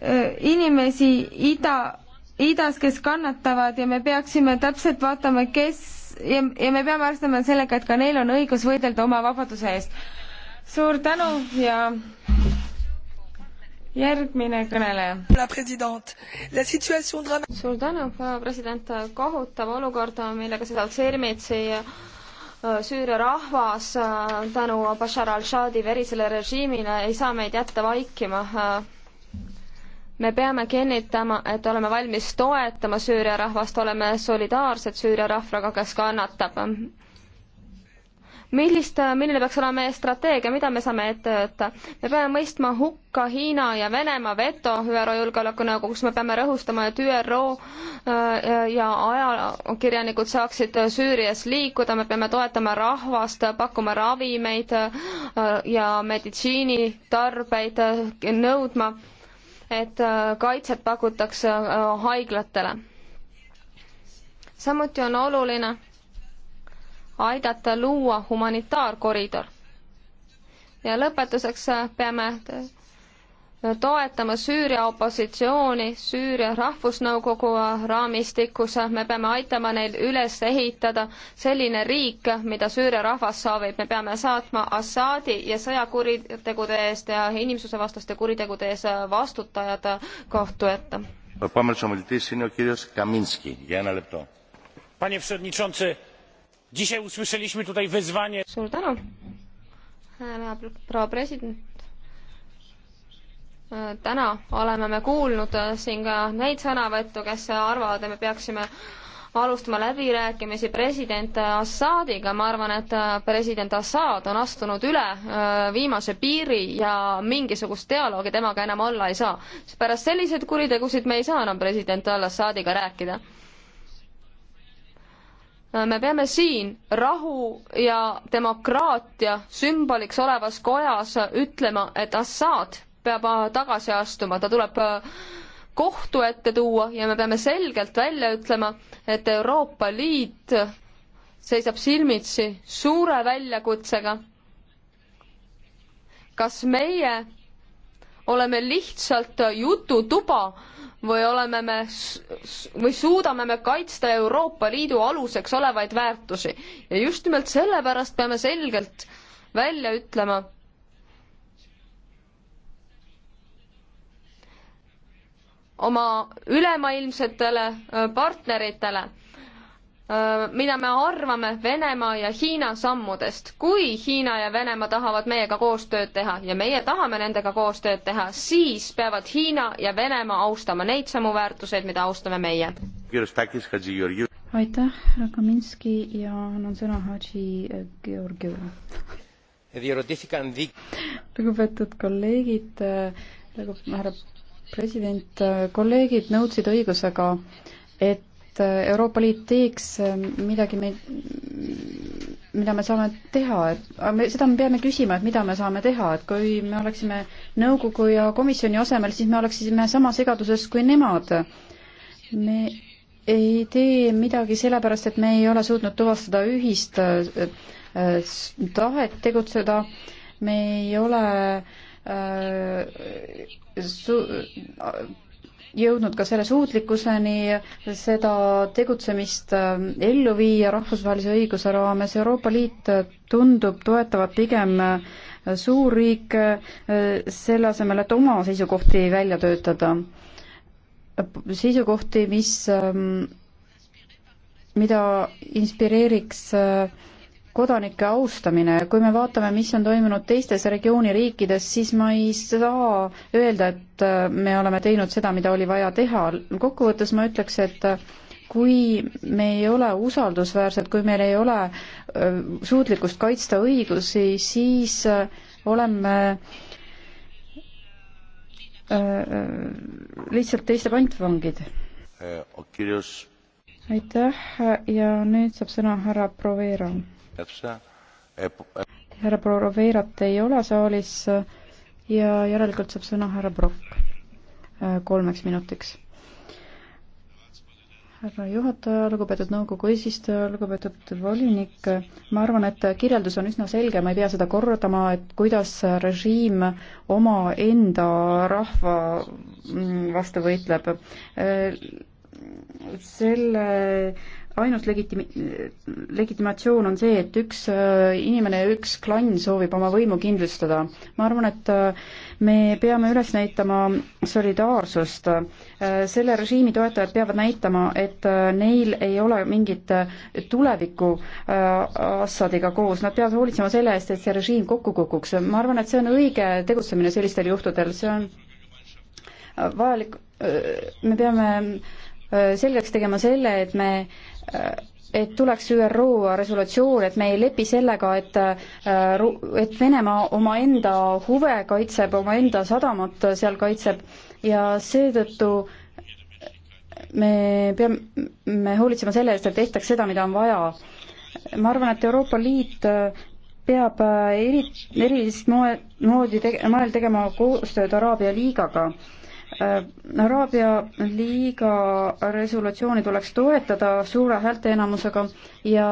äh, inimesi ida, idas, kes kannatavad ja me peaksime täpselt vaatama, kes ja, ja me peame arvestama sellega, et ka neil on õigus võidelda oma vabaduse eest. suur tänu ja järgmine kõneleja. suur tänu, president, kohutav olukord, millega seda sirmitsi äh, Süüria rahvas äh, tänu Bashar al-Shadi verisele režiimile ei saa meid jätta vaikima me peame kinnitama, et oleme valmis toetama Süüria rahvast, oleme solidaarsed Süüria rahvaga, kes kannatab. millist, milline peaks olema meie strateegia, mida me saame ette võtta? me peame mõistma hukka Hiina ja Venemaa veto ÜRO Julgeolekunõukogus, me peame rõhustama, et ÜRO äh, ja ajakirjanikud saaksid Süürias liikuda, me peame toetama rahvast, pakkuma ravimeid äh, ja meditsiinitarbeid, nõudma et äh, kaitset pakutakse äh, haiglatele. samuti on oluline aidata luua humanitaarkoridor. ja lõpetuseks äh, peame toetama Süüria opositsiooni Süüria rahvusnõukogu raamistikus, me peame aitama neil üles ehitada selline riik, mida Süüria rahvas soovib, me peame saatma Assaadi ja sõjakuritegude eest ja inimsusevastaste kuritegude eest vastutajad kohtu ette. Panie przewodniczący, dzisiaj usłyszeliśmy tutaj wezwanie. Suur tänu, härra proua president täna oleme me kuulnud äh, siin ka neid sõnavõttu, kes arvavad, et me peaksime alustama läbirääkimisi president Assadiga, ma arvan, et äh, president Assad on astunud üle äh, viimase piiri ja mingisugust dialoogi temaga enam olla ei saa. pärast selliseid kuritegusid me ei saa enam president Al-Assadiga rääkida. me peame siin rahu ja demokraatia sümboliks olevas kojas ütlema, et Assad peab ah, tagasi astuma, ta tuleb ah, kohtu ette tuua ja me peame selgelt välja ütlema, et Euroopa Liit seisab silmitsi suure väljakutsega. kas meie oleme lihtsalt jututuba või oleme me või suudame me kaitsta Euroopa Liidu aluseks olevaid väärtusi ja just nimelt sellepärast peame selgelt välja ütlema, oma ülemaailmsetele partneritele, mida me arvame Venemaa ja Hiina sammudest. kui Hiina ja Venemaa tahavad meiega koostööd teha ja meie tahame nendega koostööd teha, siis peavad Hiina ja Venemaa austama neid samu väärtuseid, mida austame meie. aitäh, härra Kaminski ja annan sõna Hadži Georgiole. lugupeetud kolleegid, härra president, äh, kolleegid nõudsid õigusega, et äh, Euroopa Liit teeks äh, midagi, mida me saame teha, et me, seda me peame küsima, et mida me saame teha, et kui me oleksime nõukogu ja komisjoni asemel, siis me oleksime sama segaduses kui nemad. me ei tee midagi sellepärast, et me ei ole suutnud tuvastada ühist tahet tegutseda, me ei ole äh, Äh, jõudnud ka selle suutlikkuseni seda tegutsemist äh, ellu viia rahvusvahelise õiguse raames. Euroopa Liit tundub toetavat pigem äh, suurriike, selle asemel, et oma seisukohti välja töötada. seisukohti, mis, ähm, mida inspireeriks äh, kodanike austamine, kui me vaatame, mis on toimunud teistes regiooni riikides, siis ma ei saa öelda, et äh, me oleme teinud seda, mida oli vaja teha. kokkuvõttes ma ütleks, et äh, kui me ei ole usaldusväärsed, kui meil ei ole äh, suutlikkust kaitsta õigusi, siis oleme lihtsalt teiste pantvangid. aitäh ja nüüd saab sõna härra Provera E- härra Proroveirat ei ole saalis ja järelikult saab sõna härra Brock äh, kolmeks minutiks. härra juhataja, lugupeetud nõukogu eesistuja, lugupeetud volinik, ma arvan, et kirjeldus on üsna selge, ma ei pea seda kordama, et kuidas režiim omaenda rahva mm, vastu võitleb. Äh, selle ainus legitiimi-, legitimatsioon on see, et üks äh, inimene ja üks klann soovib oma võimu kindlustada. ma arvan, et äh, me peame üles näitama solidaarsust. Äh, selle režiimi toetajad peavad näitama, et neil ei ole mingit tulevikku Assadiga koos, nad peavad hoolitsema selle eest, et see režiim kokku kukuks. ma arvan, et see on õige tegutsemine sellistel juhtudel, see on vajalik, me peame selgeks tegema selle, et me et tuleks ÜRO resolutsioon, et me ei lepi sellega, et äh, et Venemaa omaenda huve kaitseb, omaenda sadamat seal kaitseb ja seetõttu me peame, me hoolitsema selle eest, et tehtaks seda, mida on vaja. ma arvan, et Euroopa Liit äh, peab äh, eri, erilist moe, moodi tege-, moel tegema koostööd Araabia liigaga Äh, Araabia liiga resolutsiooni tuleks toetada suure häälteenamusega ja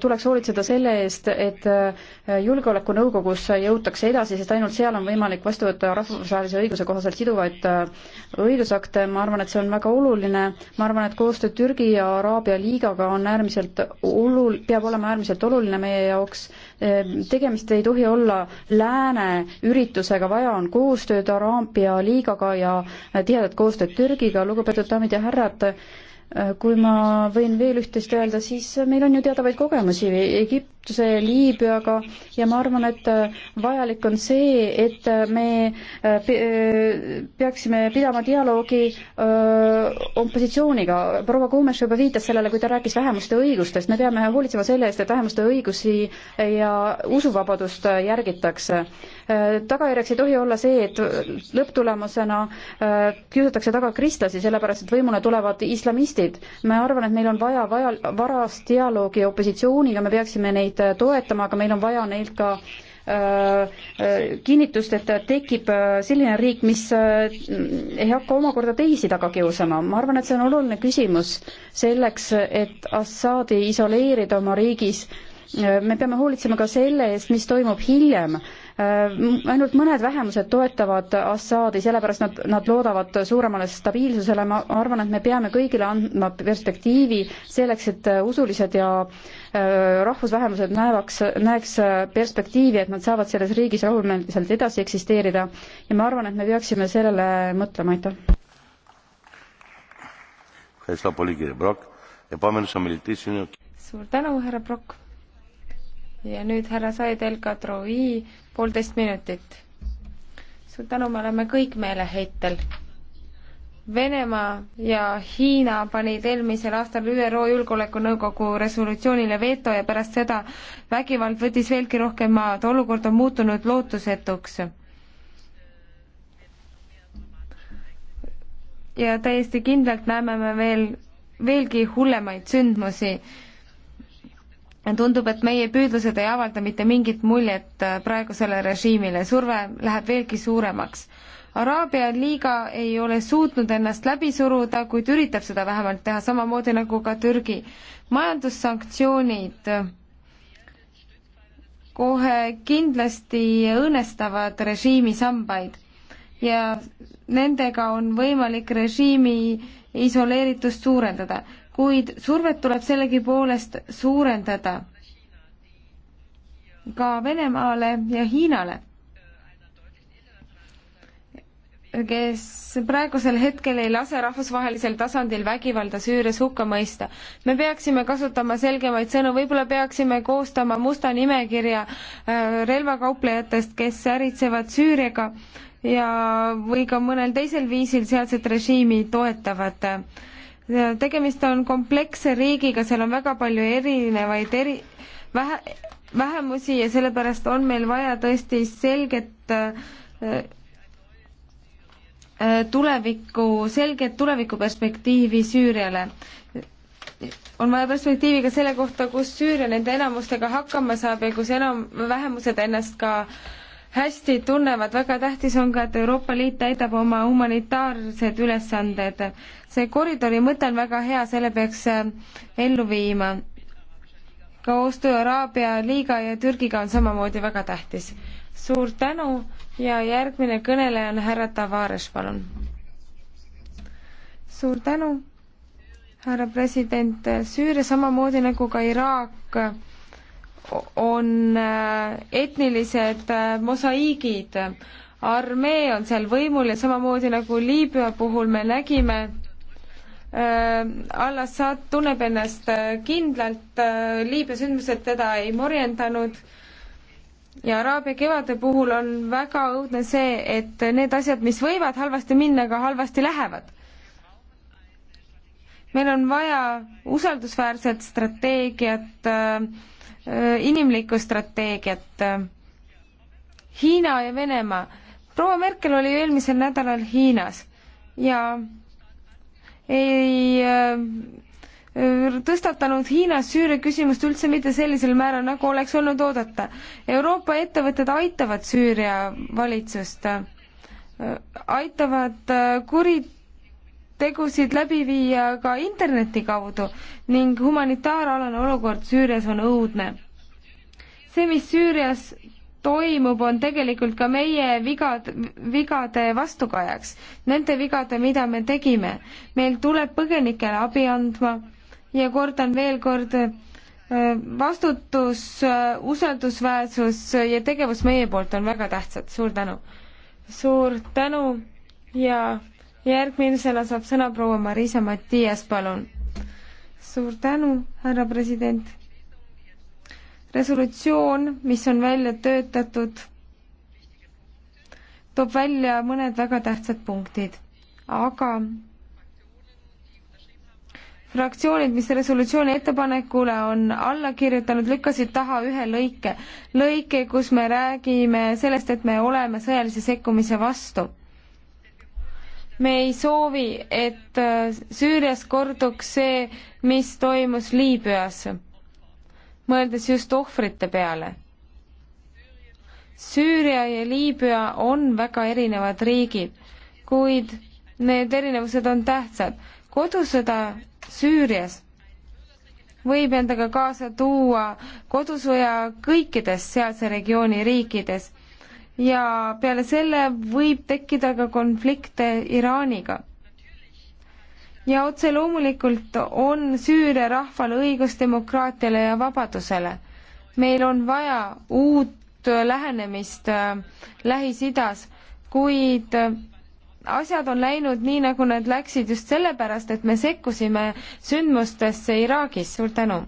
tuleks hoolitseda selle eest, et äh, Julgeolekunõukogus jõutakse edasi, sest ainult seal on võimalik vastu võtta rahvusvahelise õiguse kohaselt siduvaid äh, õigusakte, ma arvan, et see on väga oluline, ma arvan, et koostöö Türgi ja Araabia liigaga on äärmiselt olul-, peab olema äärmiselt oluline meie jaoks, äh, tegemist ei tohi olla lääne üritusega, vaja on koostööd Araabia liigaga ja tihedat koostööd Türgiga, lugupeetud daamid ja härrad, Äh, kui ma võin veel üht-teist öelda, siis äh, meil on ju teadavaid kogemusi Egiptuse, Liibüaga ja ma arvan, et äh, vajalik on see, et me peaksime pidama dialoogi opositsiooniga. proua Kuumes juba viitas sellele, kui ta rääkis vähemuste õigustest, me peame hoolitsema selle eest, et vähemuste õigusi ja usuvabadust järgitakse tagajärjeks ei tohi olla see, et lõpptulemusena äh, kiusatakse taga kristlasi, sellepärast et võimule tulevad islamistid. ma arvan, et meil on vaja, vaja varast dialoogi opositsiooniga, me peaksime neid äh, toetama, aga meil on vaja neilt ka äh, kinnitust, et tekib selline riik, mis ei hakka omakorda teisi taga kiusama. ma arvan, et see on oluline küsimus selleks, et Assaadi isoleerida oma riigis. me peame hoolitsema ka selle eest, mis toimub hiljem Äh, ainult mõned vähemused toetavad Assaadi, sellepärast nad, nad loodavad suuremale stabiilsusele, ma arvan, et me peame kõigile andma perspektiivi selleks, et usulised ja äh, rahvusvähemused näevaks, näeks perspektiivi, et nad saavad selles riigis rahumeelselt edasi eksisteerida ja ma arvan, et me peaksime sellele mõtlema, aitäh. suur tänu, härra Brock. ja nüüd härra Said El Kadri poolteist minutit. suur tänu, me oleme kõik meeleheitel. Venemaa ja Hiina panid eelmisel aastal ÜRO Julgeolekunõukogu resolutsioonile veto ja pärast seda vägivald võttis veelgi rohkem maad, olukord on muutunud lootusetuks. ja täiesti kindlalt näeme me veel, veelgi hullemaid sündmusi tundub, et meie püüdlused ei avalda mitte mingit muljet äh, praegusele režiimile, surve läheb veelgi suuremaks. Araabia liiga ei ole suutnud ennast läbi suruda, kuid üritab seda vähemalt teha, samamoodi nagu ka Türgi. majandussanktsioonid äh, kohe kindlasti õõnestavad režiimi sambaid ja nendega on võimalik režiimi isoleeritust suurendada kuid survet tuleb sellegipoolest suurendada ka Venemaale ja Hiinale, kes praegusel hetkel ei lase rahvusvahelisel tasandil vägivalda Süürias hukka mõista. me peaksime kasutama selgemaid sõnu, võib-olla peaksime koostama musta nimekirja äh, relvakauplejatest, kes äritsevad Süüriaga ja, või ka mõnel teisel viisil sealset režiimi toetavad äh, tegemist on kompleksse riigiga, seal on väga palju erinevaid eri, vähe, vähemusi ja sellepärast on meil vaja tõesti selget äh, äh, tulevikku, selget tulevikuperspektiivi Süüriale. on vaja perspektiivi ka selle kohta, kus Süüria nende enamustega hakkama saab ja kus enam, vähemused ennast ka äh, hästi tunnevad, väga tähtis on ka, et Euroopa Liit täidab oma humanitaarsed ülesanded. see koridori mõte on väga hea, selle peaks äh, ellu viima. koostöö Araabia liiga ja Türgiga on samamoodi väga tähtis. suur tänu ja järgmine kõneleja on härra Tavares, palun. suur tänu, härra president, Süüria samamoodi nagu ka Iraak on äh, etnilised äh, mosaiigid. armee on seal võimul ja samamoodi nagu Liibüa puhul me nägime, äh, Al-Assad tunneb ennast kindlalt, Liibüa sündmused teda ei morjendanud ja Araabia kevade puhul on väga õudne see, et need asjad, mis võivad halvasti minna, ka halvasti lähevad. meil on vaja usaldusväärset strateegiat äh, inimlikku strateegiat. Hiina ja Venemaa. proua Merkel oli eelmisel nädalal Hiinas ja ei äh, tõstatanud Hiinas Süüria küsimust üldse mitte sellisel määral, nagu oleks olnud oodata. Euroopa ettevõtted aitavad Süüria valitsust, äh, aitavad äh, kurit-, tegusid läbi viia ka interneti kaudu ning humanitaaralane olukord Süürias on õudne. see, mis Süürias toimub, on tegelikult ka meie vigad, vigade vastukajaks, nende vigade, mida me tegime. meil tuleb põgenikele abi andma ja kordan veel kord, äh, vastutus, äh, usaldusväärsus ja tegevus meie poolt on väga tähtsad, suur tänu! suur tänu ja järgmisena saab sõna proua Marisa Matias, palun. suur tänu, härra president. resolutsioon, mis on välja töötatud, toob välja mõned väga tähtsad punktid, aga fraktsioonid, mis resolutsiooni ettepanekule on alla kirjutanud, lükkasid taha ühe lõike. lõike, kus me räägime sellest, et me oleme sõjalise sekkumise vastu me ei soovi, et äh, Süürias korduks see, mis toimus Liibüas, mõeldes just ohvrite peale. Süüria ja Liibüa on väga erinevad riigid, kuid need erinevused on tähtsad. kodusõda Süürias võib endaga kaasa tuua kodusõja kõikides sealse regiooni riikides ja peale selle võib tekkida ka konflikte Iraaniga. ja otse loomulikult on Süüria rahval õigus demokraatiale ja vabadusele. meil on vaja uut lähenemist äh, Lähis-Idas, kuid äh, asjad on läinud nii, nagu nad läksid just sellepärast, et me sekkusime sündmustesse Iraagis, suur tänu!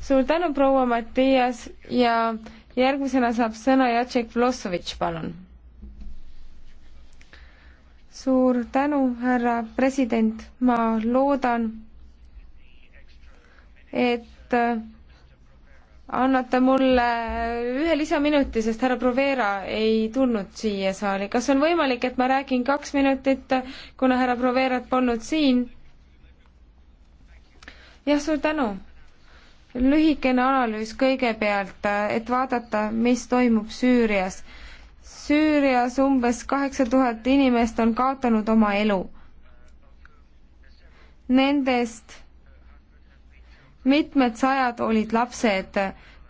suur tänu, proua Mattias ja järgmisena saab sõna Jacek Vlossovitš, palun. suur tänu, härra president, ma loodan, et äh, annate mulle ühe lisaminuti, sest härra Provera ei tulnud siia saali. kas on võimalik, et ma räägin kaks minutit, kuna härra Proverat polnud siin? jah, suur tänu lühikene analüüs kõigepealt, et vaadata, mis toimub Süürias. Süürias umbes kaheksa tuhat inimest on kaotanud oma elu. Nendest mitmed sajad olid lapsed,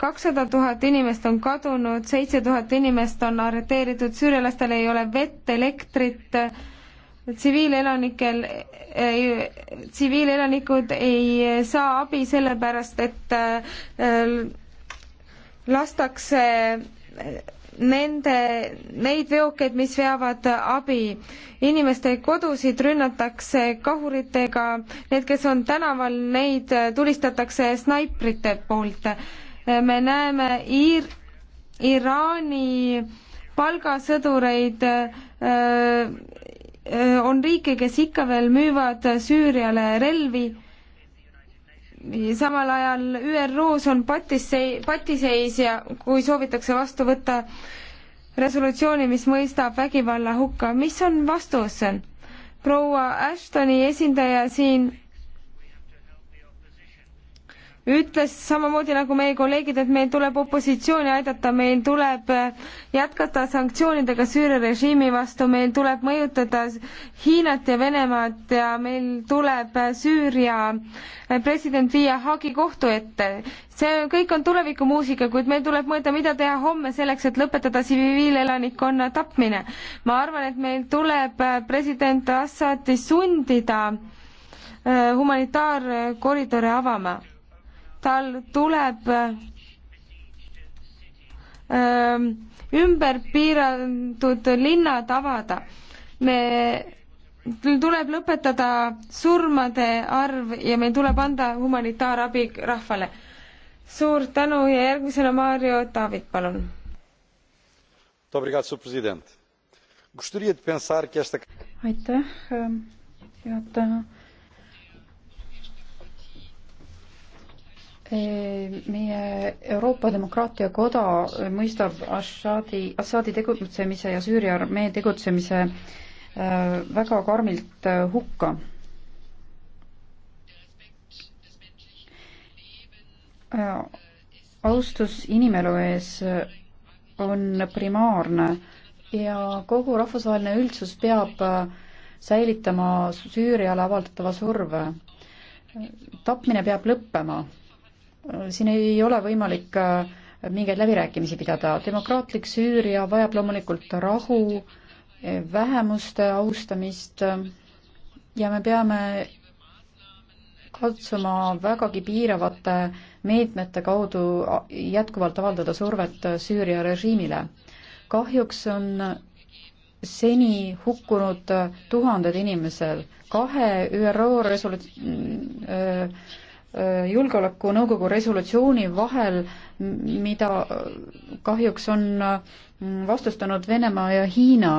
kakssada tuhat inimest on kadunud, seitse tuhat inimest on arreteeritud, süürialastel ei ole vett, elektrit äh,, tsiviilelanikel, tsiviilelanikud ei saa abi sellepärast, et äh, lastakse nende, neid veokeid, mis veavad abi. inimeste kodusid rünnatakse kahuritega, need, kes on tänaval, neid tulistatakse snaiprite poolt. me näeme Iir-, Iraani palgasõdureid öö, äh, on riike, kes ikka veel müüvad Süüriale relvi. samal ajal ÜRO-s on patisseis, patiseis ja kui soovitakse vastu võtta resolutsiooni, mis mõistab vägivalla hukka, mis on vastus? proua Ashtoni esindaja siin ütles samamoodi nagu meie kolleegid, et meil tuleb opositsiooni aidata, meil tuleb jätkata sanktsioonidega Süüria režiimi vastu, meil tuleb mõjutada Hiinat ja Venemaad ja meil tuleb Süüria president viia Haagi kohtu ette. see kõik on tulevikumuusika, kuid meil tuleb mõelda, mida teha homme selleks, et lõpetada tsiviilelanikkonna tapmine. ma arvan, et meil tuleb president Assadi sundida eh, humanitaarkoridore avama tal tuleb ähm, ümber piiratud linnad avada. me, tuleb lõpetada surmade arv ja meil tuleb anda humanitaarabi rahvale. suur tänu ja järgmisena Mario David, palun. aitäh, juhataja meie Euroopa Demokraatia Koda mõistab Assadi, Assadi tegutsemise ja Süüria armee tegutsemise äh, väga karmilt äh, hukka. Äh, austus inimelu ees on primaarne ja kogu rahvusvaheline üldsus peab säilitama Süüriale avaldatava surve. tapmine peab lõppema siin ei ole võimalik äh, mingeid läbirääkimisi pidada. demokraatlik Süüria vajab loomulikult rahu, äh, vähemuste austamist äh, ja me peame katsuma vägagi piiravate meetmete kaudu jätkuvalt avaldada survet Süüria režiimile. kahjuks on seni hukkunud tuhanded inimesed kahe ÜRO resolut-, Äh, Julgeolekunõukogu resolutsiooni vahel, mida kahjuks on äh, vastustanud Venemaa ja Hiina.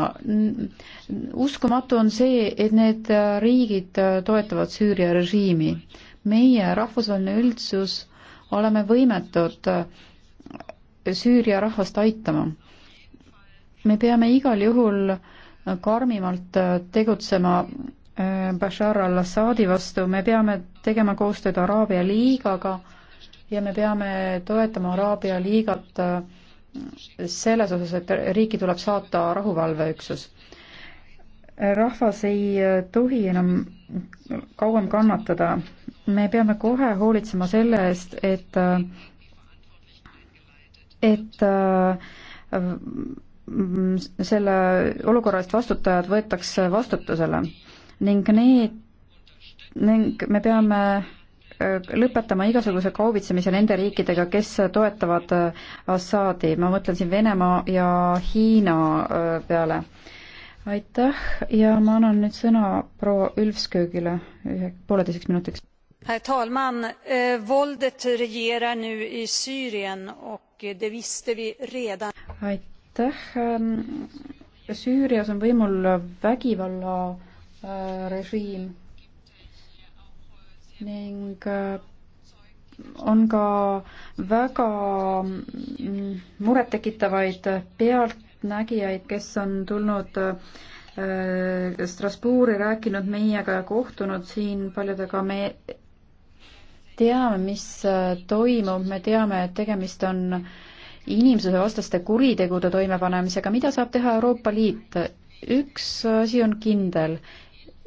uskumatu on see, et need äh, riigid toetavad Süüria režiimi. meie, rahvusvaheline üldsus, oleme võimetud Süüria rahvast aitama. me peame igal juhul karmimalt tegutsema Äh, Bashar al-Assadi vastu, me peame tegema koostööd Araabia liigaga ja me peame toetama Araabia liigat äh, selles osas, et riiki tuleb saata rahuvalveüksus. rahvas ei äh, tohi enam kauem kannatada. me peame kohe hoolitsema selle eest, et, et selle olukorra eest vastutajad võetakse vastutusele ning need, ning me peame äh, lõpetama igasuguse kaubitsemise nende riikidega, kes toetavad äh, Assaadi, ma mõtlen siin Venemaa ja Hiina äh, peale. aitäh ja ma annan nüüd sõna proua Ülfsköögile ühe pooleteiseks minutiks. Herr talman, våldet regerar nu i Syrien och det visste vi redan. aitäh, ähm, Süürias on võimul vägivalla Äh, režiim ning äh, on ka väga mm, murettekitavaid pealtnägijaid, kes on tulnud äh, Strasbourgi, rääkinud meiega ja kohtunud siin paljudega. me teame, mis toimub, me teame, et tegemist on inimsusevastaste kuritegude toimepanemisega. mida saab teha Euroopa Liit? üks asi on kindel,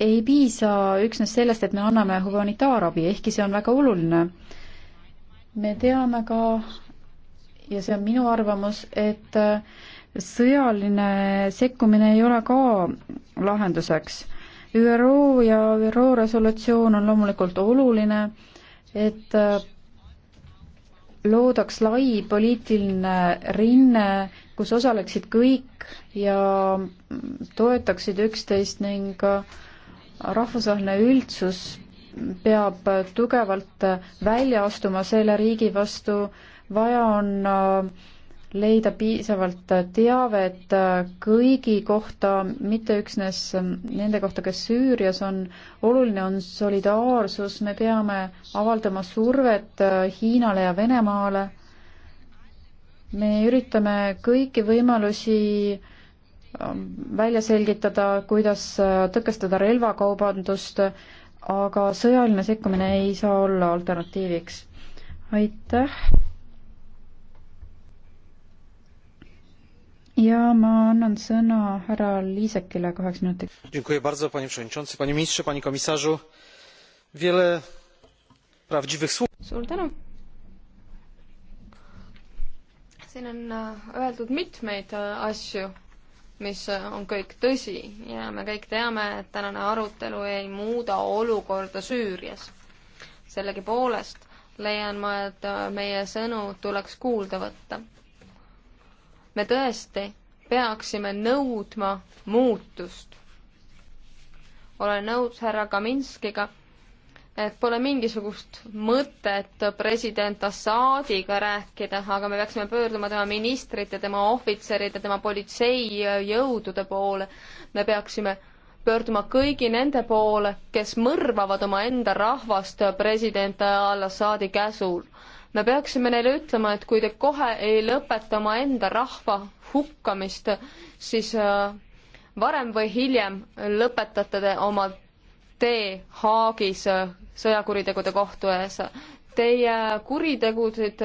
ei piisa üksnes sellest, et me anname humanitaarabi, ehkki see on väga oluline. me teame ka, ja see on minu arvamus, et äh, sõjaline sekkumine ei ole ka lahenduseks. ÜRO ja ÜRO resolutsioon on loomulikult oluline, et äh, loodaks lai poliitiline rinne, kus osaleksid kõik ja mm, toetaksid üksteist ning äh, rahvusvaheline üldsus peab tugevalt välja astuma selle riigi vastu, vaja on äh, leida piisavalt äh, teavet äh, kõigi kohta, mitte üksnes nende kohta, kes Süürias on. oluline on solidaarsus, me peame avaldama survet Hiinale ja Venemaale. me üritame kõiki võimalusi äh, Ähm, välja selgitada, kuidas äh, tõkestada relvakaubandust, aga sõjaline sekkumine ei saa olla alternatiiviks. aitäh. ja ma annan sõna härra Liisekile kaheks minutiks. Dziękuję bardzo, panie przewodniczący, panie ministrze, panie komisarzu. Wiele prawdziwych słów. suur tänu siin on äh, öeldud mitmeid äh, asju, mis äh, on kõik tõsi ja me kõik teame, et tänane arutelu ei muuda olukorda Süürias. sellegipoolest leian ma, et äh, meie sõnu tuleks kuulda võtta. me tõesti peaksime nõudma muutust. olen nõus härra Kaminskiga et pole mingisugust mõtet president Assadiga rääkida, aga me peaksime pöörduma tema ministrite, tema ohvitseride, tema politseijõudude poole. me peaksime pöörduma kõigi nende poole, kes mõrvavad omaenda rahvast president al-Assadi käsul. me peaksime neile ütlema, et kui te kohe ei lõpeta omaenda rahva hukkamist, siis äh, varem või hiljem lõpetate te oma tee Haagis äh, sõjakuritegude kohtu ees. Teie kuritegusid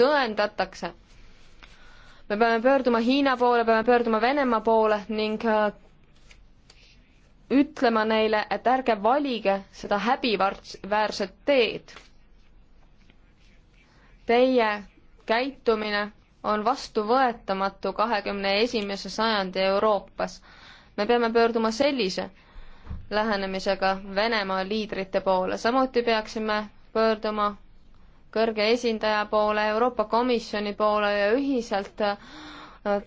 tõendatakse. me peame pöörduma Hiina poole, peame pöörduma Venemaa poole ning äh, ütlema neile, et ärge valige seda häbiväärset teed. Teie käitumine on vastuvõetamatu kahekümne esimese sajandi Euroopas. me peame pöörduma sellise lähenemisega Venemaa liidrite poole, samuti peaksime pöörduma kõrge esindaja poole, Euroopa Komisjoni poole ja ühiselt äh,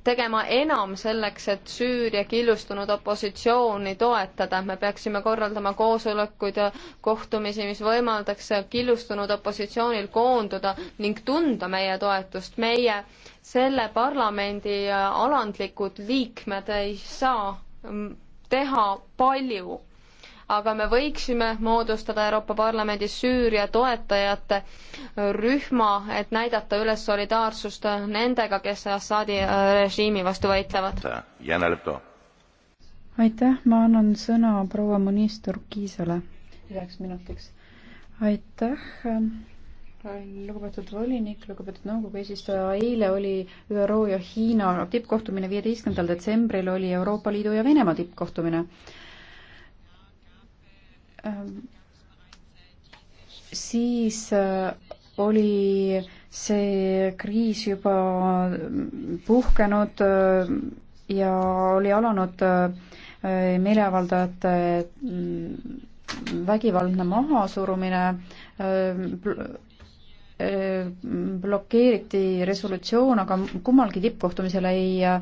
tegema enam selleks, et Süüria killustunud opositsiooni toetada. me peaksime korraldama koosolekuid ja kohtumisi, mis võimaldaks killustunud opositsioonil koonduda ning tunda meie toetust. meie, selle parlamendi alandlikud liikmed ei saa mm, teha palju, aga me võiksime moodustada Euroopa Parlamendi Süüria toetajate rühma, et näidata üles solidaarsust nendega, kes Assadi äh, režiimi vastu võitlevad. aitäh, ma annan sõna proua minister Kiisele üheks minutiks. aitäh lugupeetud volinik, lugupeetud nõukogu eesistuja, eile oli ÜRO ja Hiina tippkohtumine, viieteistkümnendal detsembril oli Euroopa Liidu ja Venemaa tippkohtumine. Ähm, siis äh, oli see kriis juba äh, puhkenud äh, ja oli alanud meeleavaldajate mm, vägivaldne mahasurumine Äh, blokeeriti resolutsioon, aga kummalgi tippkohtumisel ei äh,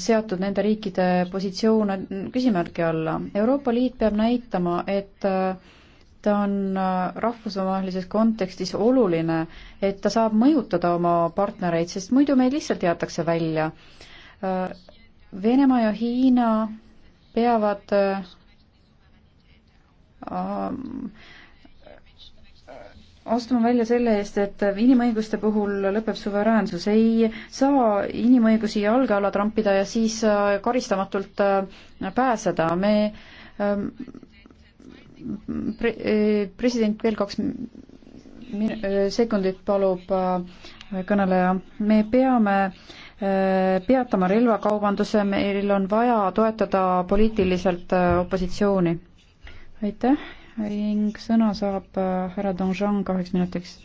seatud nende riikide positsioone küsimärgi alla. Euroopa Liit peab näitama, et äh, ta on rahvusvahelises kontekstis oluline, et ta saab mõjutada oma partnereid, sest muidu meid lihtsalt jäetakse välja. Venemaa ja Hiina peavad äh, astuma välja selle eest, et inimõiguste puhul lõpeb suveräänsus, ei saa inimõigusi jalge alla trampida ja siis äh, karistamatult äh, pääseda, me ähm, pre-, äh, president veel kaks min-, sekundit palub kõneleja, me peame peatama relvakaubanduse, meil on vaja toetada poliitiliselt opositsiooni. aitäh ning sõna saab äh, härra Donjon kaheks minutiks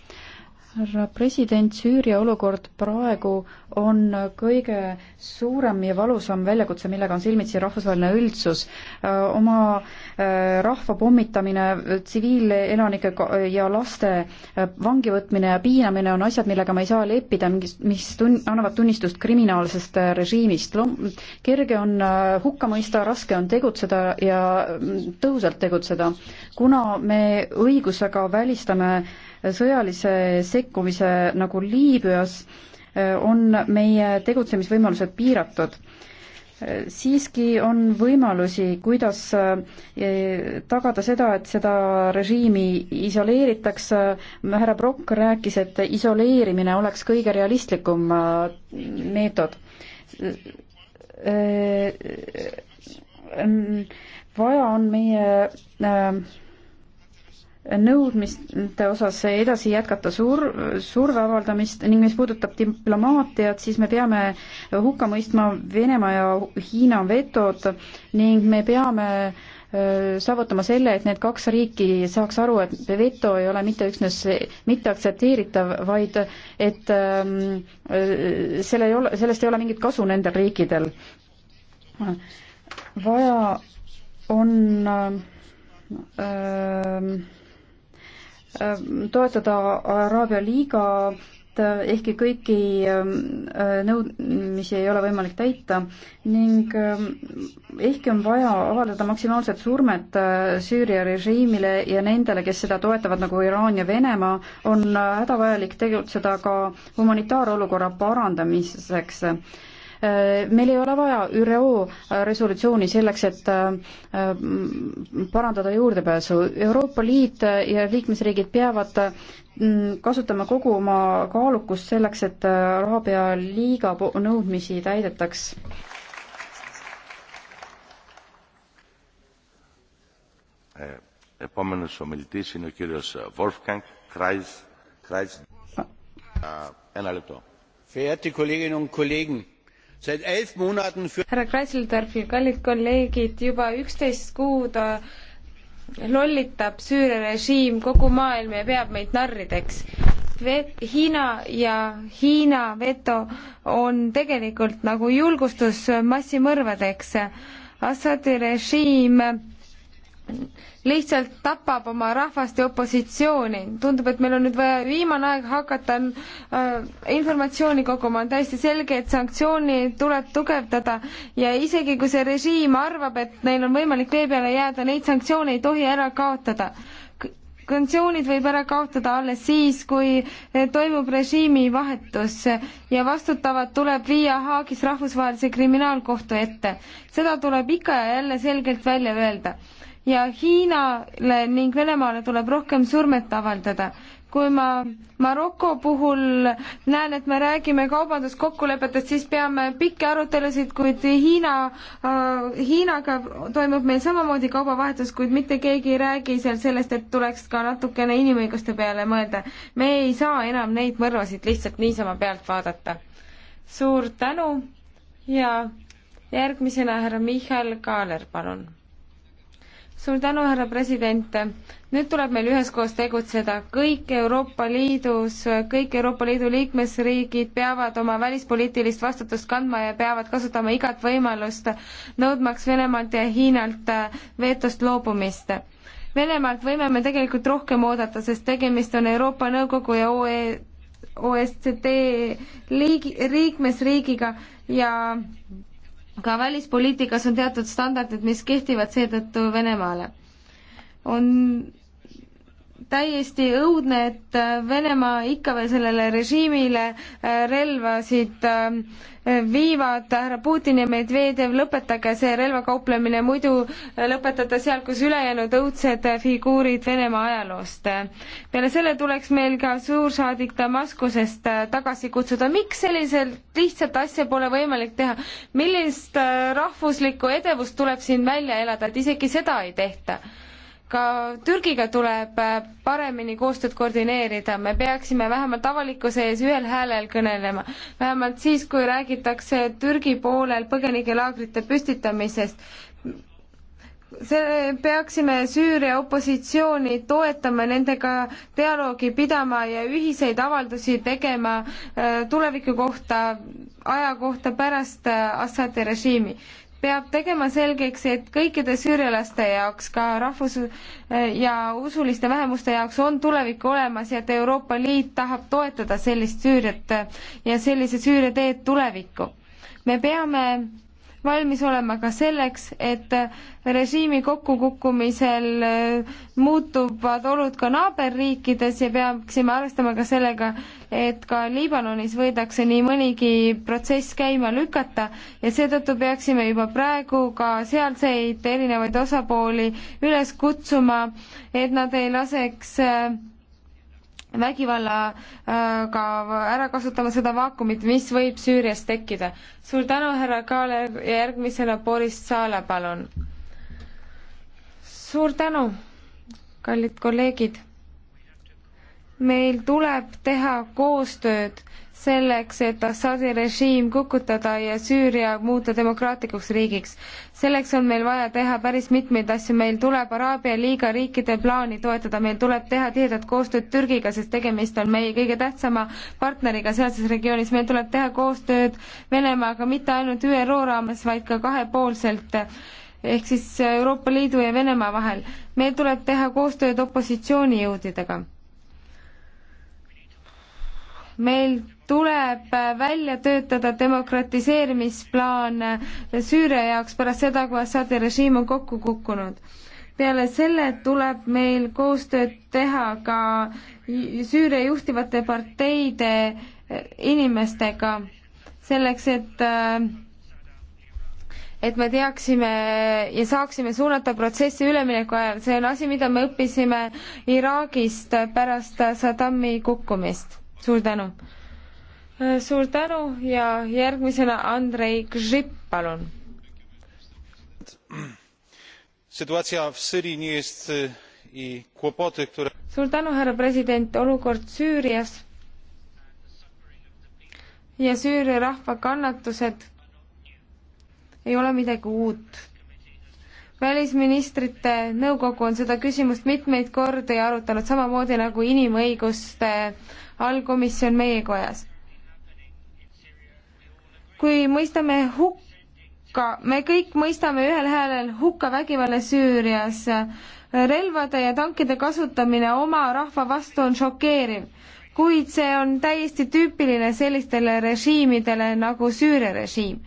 härra president, Süüria olukord praegu on kõige suurem ja valusam väljakutse, millega on silmitsi rahvusvaheline üldsus. Äh, oma äh, rahva pommitamine, tsiviilelanike ja laste äh, vangivõtmine ja piinamine on asjad, millega me ei saa leppida, mis, mis tun-, annavad tunnistust kriminaalsest režiimist. kerge on hukka mõista, raske on tegutseda ja mm, tõhusalt tegutseda. kuna me õigusega välistame äh, sõjalise sekkumise nagu Liibüas eh, on meie tegutsemisvõimalused piiratud. Eh, siiski on võimalusi, kuidas eh, tagada seda, et seda režiimi isoleeritakse, härra Brock rääkis, et isoleerimine oleks kõige realistlikum meetod vaja on meie äh, nõudmiste osas edasi jätkata sur-, surve avaldamist ning mis puudutab diplomaatiat, siis me peame hukka mõistma Venemaa ja Hiina vetod ning me peame saavutama selle, et need kaks riiki saaks aru, et veto ei ole mitte üksnes mitteaktsepteeritav, vaid et ähm, selle ei ole, sellest ei ole mingit kasu nendel riikidel. vaja on äh, äh, toetada Araabia liiga ehkki kõiki ähm, äh, nõudmisi ei ole võimalik täita ning ähm, ehkki on vaja avaldada maksimaalset surmet äh, Süüria režiimile ja nendele, kes seda toetavad, nagu Iraan ja Venemaa, on äh, hädavajalik tegutseda ka humanitaarolukorra parandamiseks Äh, meil ei ole vaja ÜRO äh, resolutsiooni selleks, et äh, parandada juurdepääsu. Euroopa Liit ja liikmesriigid peavad kasutama kogu oma kaalukust selleks, et Araabia liiga nõudmisi täidetaks. Επόμενος ομιλητής είναι ο κύριος Wolfgang Kreis. Kreis. Ένα λεπτό. Verehrte Kolleginnen und Kollegen, härra Kreisseldorfi, kallid kolleegid, juba üksteist kuud äh, lollitab Süüria režiim kogu maailma ja peab meid narrideks. Hiina ja Hiina veto on tegelikult nagu julgustus massimõrvadeks. Assadi režiim lihtsalt tapab oma rahvast ja opositsiooni. tundub, et meil on nüüd vaja viimane aeg hakata äh, informatsiooni koguma, on täiesti selge, et sanktsiooni tuleb tugevdada ja isegi kui see režiim arvab, et neil on võimalik vee peale jääda, neid sanktsioone ei tohi ära kaotada sanktsioonid võib ära kaotada alles siis, kui äh, toimub režiimi vahetus ja vastutavad tuleb viia Haagis rahvusvahelise kriminaalkohtu ette. seda tuleb ikka ja jälle selgelt välja öelda ja Hiinale ning Venemaale tuleb rohkem surmet avaldada. kui ma Maroko puhul näen, et me räägime kaubanduskokkulepetest, siis peame pikki arutelusid, kuid Hiina äh,, Hiinaga toimub meil samamoodi kaubavahetus, kuid mitte keegi ei räägi seal sellest, et tuleks ka natukene inimõiguste peale mõelda. me ei saa enam neid mõrvasid lihtsalt niisama pealt vaadata. suur tänu ja järgmisena härra Michal Kaaler, palun suur tänu, härra president. nüüd tuleb meil üheskoos tegutseda. kõik Euroopa Liidus, kõik Euroopa Liidu liikmesriigid peavad oma välispoliitilist vastutust kandma ja peavad kasutama igat võimalust, nõudmaks Venemaalt ja Hiinalt äh, veetost loobumist Venemaalt võime me tegelikult rohkem oodata, sest tegemist on Euroopa Nõukogu ja OE, OSCD liigi, liikmesriigiga ja ka välispoliitikas on teatud standardid, mis kehtivad seetõttu Venemaale. on täiesti õudne, et äh, Venemaa ikka veel sellele režiimile äh, relvasid äh, viivad, härra Putin ja Medvedev, lõpetage see relvakauplemine, muidu lõpetada seal, kus ülejäänud õudsed figuurid Venemaa ajaloost. peale selle tuleks meil ka suursaadik Damaskusest tagasi kutsuda, miks selliselt lihtsat asja pole võimalik teha, millist rahvuslikku edevust tuleb siin välja elada, et isegi seda ei tehta ka Türgiga tuleb äh, paremini koostööd koordineerida, me peaksime vähemalt avalikkuse ees ühel häälel kõnelema. vähemalt siis, kui räägitakse Türgi poolel põgenikelaagrite püstitamisest. see, peaksime Süüria opositsiooni toetama, nendega dialoogi pidama ja ühiseid avaldusi tegema äh, tuleviku kohta, aja kohta pärast äh, Assadi režiimi peab tegema selgeks, et kõikide süürialaste jaoks, ka rahvus- ja usuliste vähemuste jaoks on tulevik olemas ja et Euroopa Liit tahab toetada sellist Süüriat ja sellise Süüria teed tulevikku. me peame valmis olema ka selleks, et režiimi kokkukukkumisel äh, muutuvad olud ka naaberriikides ja peaksime arvestama ka sellega, et ka Liibanonis võidakse nii mõnigi protsess käima lükata ja seetõttu peaksime juba praegu ka sealseid erinevaid osapooli üles kutsuma, et nad ei laseks äh, vägivallaga äh, ära kasutama seda vaakumit, mis võib Süürias tekkida. suur tänu, härra Kaaler ja järgmisena Boris Saale, palun. suur tänu, kallid kolleegid. meil tuleb teha koostööd selleks, et Assadi režiim kukutada ja Süüria muuta demokraatlikuks riigiks. selleks on meil vaja teha päris mitmeid asju, meil tuleb Araabia Liiga riikide plaani toetada, meil tuleb teha tihedat koostööd Türgiga, sest tegemist on meie kõige tähtsama partneriga sealses regioonis, meil tuleb teha koostööd Venemaaga mitte ainult ÜRO raames, vaid ka kahepoolselt ehk siis Euroopa Liidu ja Venemaa vahel. meil tuleb teha koostööd opositsioonijõudidega. meil tuleb välja töötada demokratiseerimisplaan Süüria jaoks pärast seda, kui Assadi režiim on kokku kukkunud. peale selle tuleb meil koostööd teha ka Süüria juhtivate parteide inimestega selleks, et et me teaksime ja saaksime suunata protsessi ülemineku ajal, see on asi, mida me õppisime Iraagist pärast Saddami kukkumist. suur tänu! suur tänu ja järgmisena Andrei Gžip, palun. suur tänu, härra president, olukord Süürias ja Süüria rahva kannatused ei ole midagi uut. välisministrite nõukogu on seda küsimust mitmeid kordi arutanud, samamoodi nagu inimõiguste allkomisjon meie kojas kui mõistame hukka, me kõik mõistame ühel häälel hukka vägivalla Süürias. relvade ja tankide kasutamine oma rahva vastu on šokeeriv, kuid see on täiesti tüüpiline sellistele režiimidele nagu Süüria režiim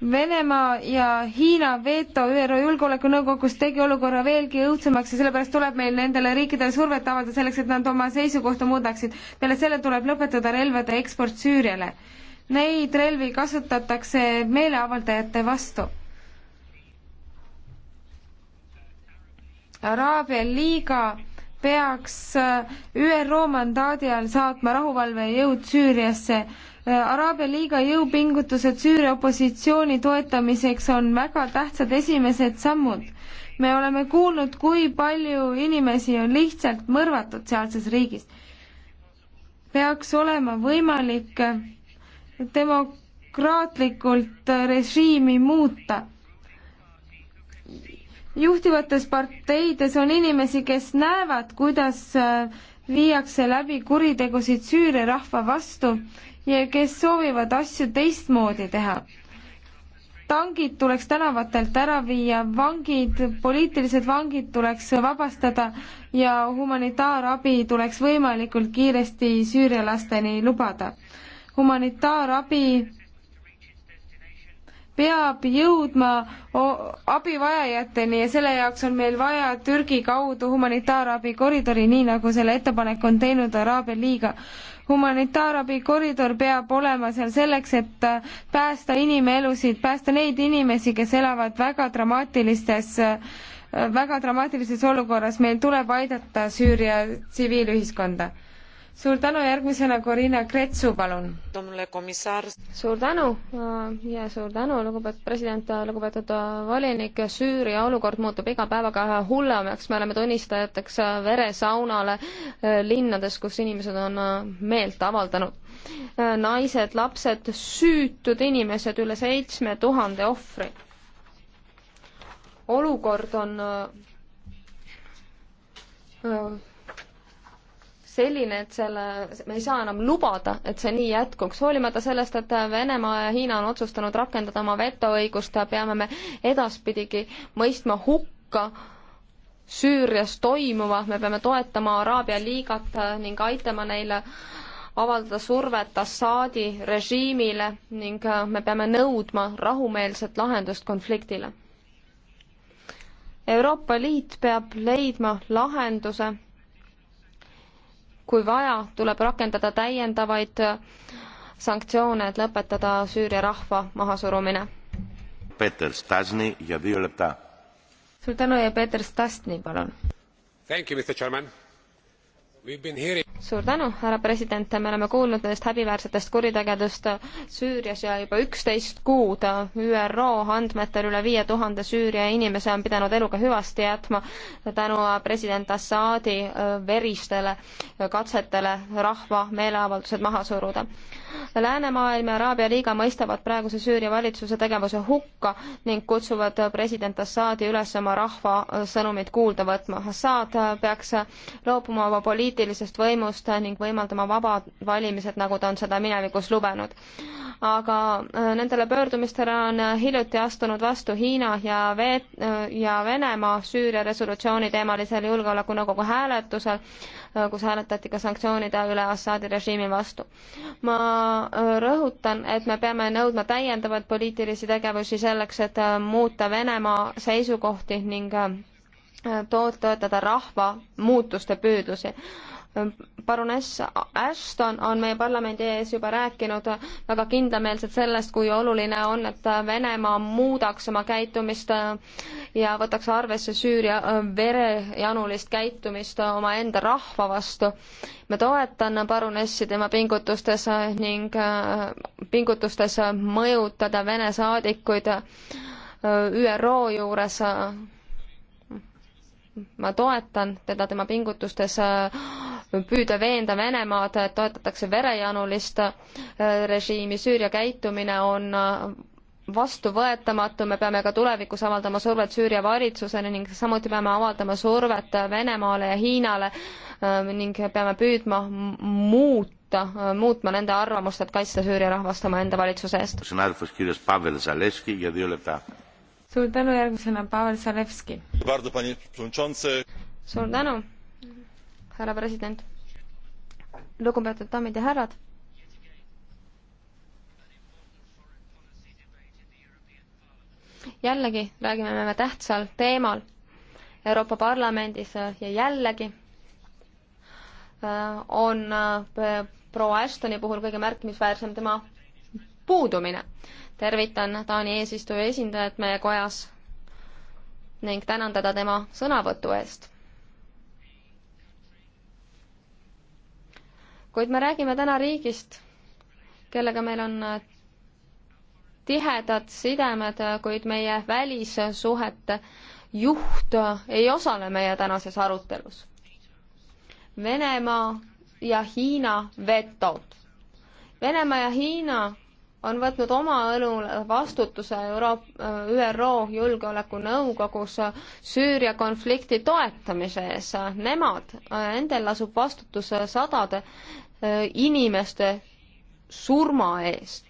Venemaa ja Hiina veto ÜRO Julgeolekunõukogus tegi olukorra veelgi õudsemaks ja sellepärast tuleb meil nendele riikidele survet avaldada selleks, et nad oma seisukohta muudaksid. peale selle tuleb lõpetada relvade eksport Süüriale. Neid relvi kasutatakse meeleavaldajate vastu. Araabia liiga peaks ÜRO mandaadi all saatma rahuvalvejõud Süüriasse Araabia Liiga jõupingutused Süüria opositsiooni toetamiseks on väga tähtsad esimesed sammud. me oleme kuulnud, kui palju inimesi on lihtsalt mõrvatud sealses riigis. peaks olema võimalik demokraatlikult režiimi muuta juhtivates parteides on inimesi, kes näevad, kuidas viiakse läbi kuritegusid Süüria rahva vastu ja kes soovivad asju teistmoodi teha. tangid tuleks tänavatelt ära viia, vangid, poliitilised vangid tuleks vabastada ja humanitaarabi tuleks võimalikult kiiresti Süüria lasteni lubada. humanitaarabi peab jõudma abivajajateni ja selle jaoks on meil vaja Türgi kaudu humanitaarabi koridori, nii nagu selle ettepaneku on teinud Araabia liiga humanitaarabikoridor peab olema seal selleks, et päästa inimelusid, päästa neid inimesi, kes elavad väga dramaatilistes väga dramaatilises olukorras, meil tuleb aidata Süüria tsiviilühiskonda suur tänu, järgmisena Corina Kretsu, palun. suur tänu äh, ja suur tänu, lugupeetud president, äh, lugupeetud äh, volinik. Süüria olukord muutub iga päevaga üha hullemaks, me oleme tunnistajateks veresaunale linnades, kus inimesed on meelt avaldanud. naised, lapsed, süütud inimesed, üle seitsme tuhande ohvri. olukord on selline, et selle, me ei saa enam lubada, et see nii jätkuks. hoolimata sellest, et Venemaa ja Hiina on otsustanud rakendada oma vetoõigust, peame me edaspidigi mõistma hukka Süürias toimuva, me peame toetama Araabia liigat ning aitama neile avaldada survet Assaadi režiimile ning me peame nõudma rahumeelset lahendust konfliktile. Euroopa Liit peab leidma lahenduse kui vaja, tuleb rakendada täiendavaid sanktsioone, et lõpetada Süüria rahva mahasurumine. Peeter Stasny ja Violeta. suur tänu ja Peeter Stasny, palun. Thank you, Mr Chairman suur tänu, härra president, me oleme kuulnud nendest häbiväärsetest kuritegevust Süürias ja juba üksteist kuud. ÜRO andmetel üle viie tuhande Süüria inimese on pidanud eluga hüvasti jätma tänu president Assaadi äh, veristele äh, katsetele rahva meeleavaldused maha suruda. läänemaailm ja Araabia liiga mõistavad praeguse Süüria valitsuse tegevuse hukka ning kutsuvad president Assaadi üles oma rahva äh, sõnumit kuulda võtma. Assad peaks loobuma oma poliitikast poliitilisest võimust ning võimaldama vabad valimised, nagu ta on seda minevikus lubanud. aga äh, nendele pöördumistele on hiljuti astunud vastu Hiina ja Veet-, äh, ja Venemaa Süüria resolutsiooni teemalisel julgeolekunõukogu hääletusel, äh, kus hääletati ka sanktsioonide üle Assaadi režiimi vastu. ma rõhutan, et me peame nõudma täiendavaid poliitilisi tegevusi selleks, et muuta Venemaa seisukohti ning tood-, toetada rahva muutuste püüdlusi paruness Ashton on meie parlamendi ees juba rääkinud väga kindlameelselt sellest, kui oluline on, et Venemaa muudaks oma käitumist ja võtaks arvesse Süüria verejanulist käitumist omaenda rahva vastu. ma toetan parunessi tema pingutustes ning äh, pingutustes mõjutada Vene saadikuid äh, ÜRO juures äh, ma toetan teda tema pingutustes äh, püüda veenda Venemaad, et toetatakse verejanulist äh, režiimi, Süüria käitumine on äh, vastuvõetamatu, me peame ka tulevikus avaldama survet Süüria valitsusele ning samuti peame avaldama survet Venemaale ja Hiinale ning peame püüdma muuta, muutma nende arvamust, et kaitsta Süüria rahvast omaenda valitsuse eest suur tänu, järgmisena Pavel Zalewski. suur tänu, härra president. lugupeetud daamid ja härrad. jällegi räägime me tähtsal teemal Euroopa Parlamendis ja jällegi äh, on äh, proua Ashtoni puhul kõige märkimisväärsem tema puudumine tervitan Taani eesistuja esindajat meie kojas ning tänan teda tema sõnavõtu eest. kuid me räägime täna riigist, kellega meil on tihedad sidemed, kuid meie välissuhete juht ei osale meie tänases arutelus. Venemaa ja Hiina vetod. Venemaa ja Hiina on võtnud oma õlul vastutuse Euroopa, äh, ÜRO Julgeolekunõukogus Süüria konflikti toetamise ees. Nemad, nendel äh, lasub vastutus sadade äh, inimeste surma eest.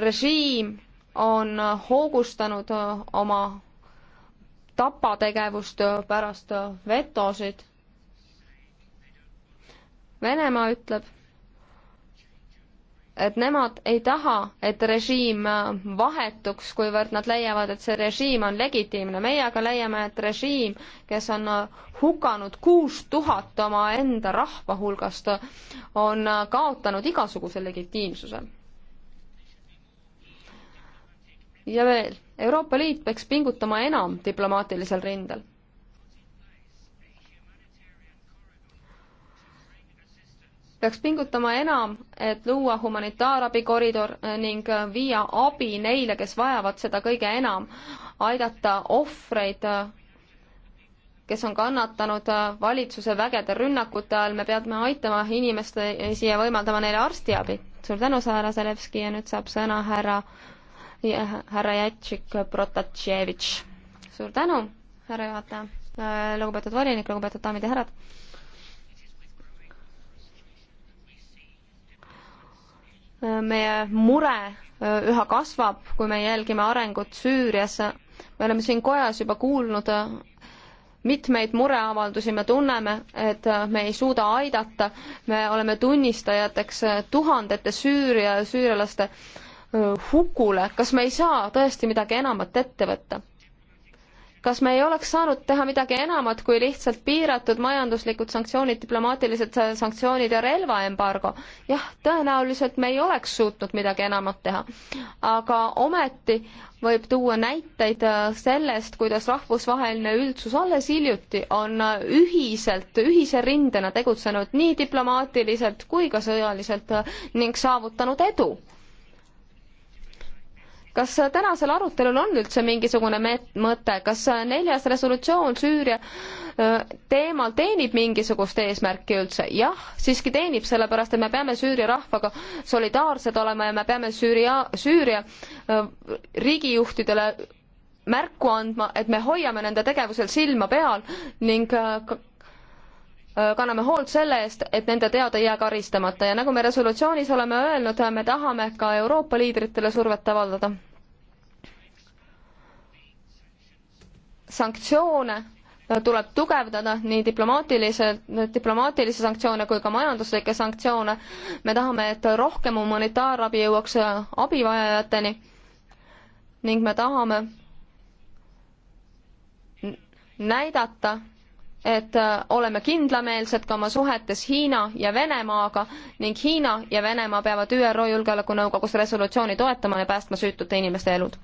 režiim on hoogustanud oma tapategevust pärast vetosid. Venemaa ütleb et nemad ei taha, et režiim äh, vahetuks, kuivõrd nad leiavad, et see režiim on legitiimne. meie aga leiame, et režiim, kes on äh, hukanud kuus tuhat omaenda rahva hulgast, on äh, kaotanud igasuguse legitiimsuse. ja veel, Euroopa Liit peaks pingutama enam diplomaatilisel rindel peaks pingutama enam, et luua humanitaarabikoridor eh, ning eh, viia abi neile, kes vajavad seda kõige enam, aidata ohvreid, eh, kes on kannatanud valitsuse vägede rünnakute all, me peame aitama inimeste siia, võimaldama neile arstiabi. suur tänu, härra Zelevski ja nüüd saab sõna härra, härra Jatšik Protatševitš. suur tänu, härra juhataja, äh, lugupeetud volinik, lugupeetud daamid ja härrad meie mure üha kasvab, kui me jälgime arengut Süürias. me oleme siin kojas juba kuulnud mitmeid mureavaldusi, me tunneme, et me ei suuda aidata, me oleme tunnistajateks tuhandete Süüria, süürialaste hukule, kas me ei saa tõesti midagi enamat ette võtta? kas me ei oleks saanud teha midagi enamat kui lihtsalt piiratud majanduslikud sanktsioonid, diplomaatilised sanktsioonid ja relvaembargo? jah, tõenäoliselt me ei oleks suutnud midagi enamat teha. aga ometi võib tuua näiteid äh, sellest, kuidas rahvusvaheline üldsus alles hiljuti on äh, ühiselt, ühise rindena tegutsenud nii diplomaatiliselt kui ka sõjaliselt äh, ning saavutanud edu kas tänasel arutelul on üldse mingisugune mõte, kas neljas resolutsioon Süüria teemal teenib mingisugust eesmärki üldse? jah, siiski teenib, sellepärast et me peame Süüria rahvaga solidaarsed olema ja me peame Süüria, Süüria riigijuhtidele märku andma, et me hoiame nende tegevusel silma peal ning Äh, kanname hoolt selle eest, et nende teod ei jää karistamata ja nagu me resolutsioonis oleme öelnud, äh, me tahame ka Euroopa liidritele survet avaldada. sanktsioone äh, tuleb tugevdada nii diplomaatilise, diplomaatilisi sanktsioone kui ka majanduslikke sanktsioone. me tahame, et rohkem humanitaarabi jõuaks abivajajateni ning me tahame näidata, et äh, oleme kindlameelsed ka oma suhetes Hiina ja Venemaaga ning Hiina ja Venemaa peavad ÜRO Julgeolekunõukogus resolutsiooni toetama ja päästma süütute inimeste elud.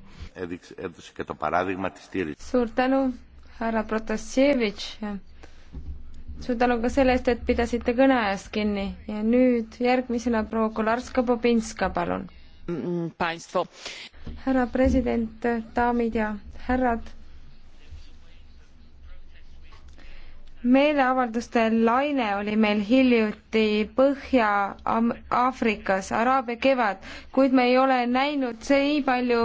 suur tänu, härra Protasevitš. suur tänu ka selle eest, et pidasite kõne ajast kinni ja nüüd järgmisena proua Kolarska-Bobinska, palun. Mm, härra president, daamid ja härrad meeleavalduste laine oli meil hiljuti Põhja-Aafrikas, Araabia kevad, kuid me ei ole näinud nii palju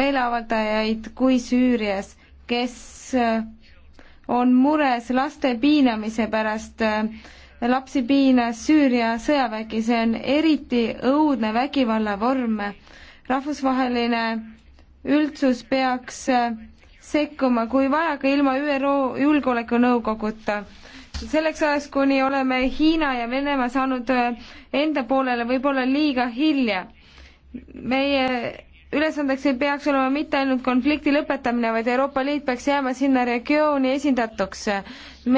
meeleavaldajaid kui Süürias, kes äh, on mures laste piinamise pärast. Äh, lapsi piinas Süüria sõjavägi, see on eriti õudne vägivalla vorm. rahvusvaheline üldsus peaks äh, sekkuma, kui vaja, ka ilma ÜRO Julgeolekunõukoguta. selleks ajaks, kuni oleme Hiina ja Venemaa saanud äh, enda poolele võib-olla liiga hilja. meie ülesandeks ei peaks olema mitte ainult konflikti lõpetamine, vaid Euroopa Liit peaks jääma sinna regiooni esindatuks.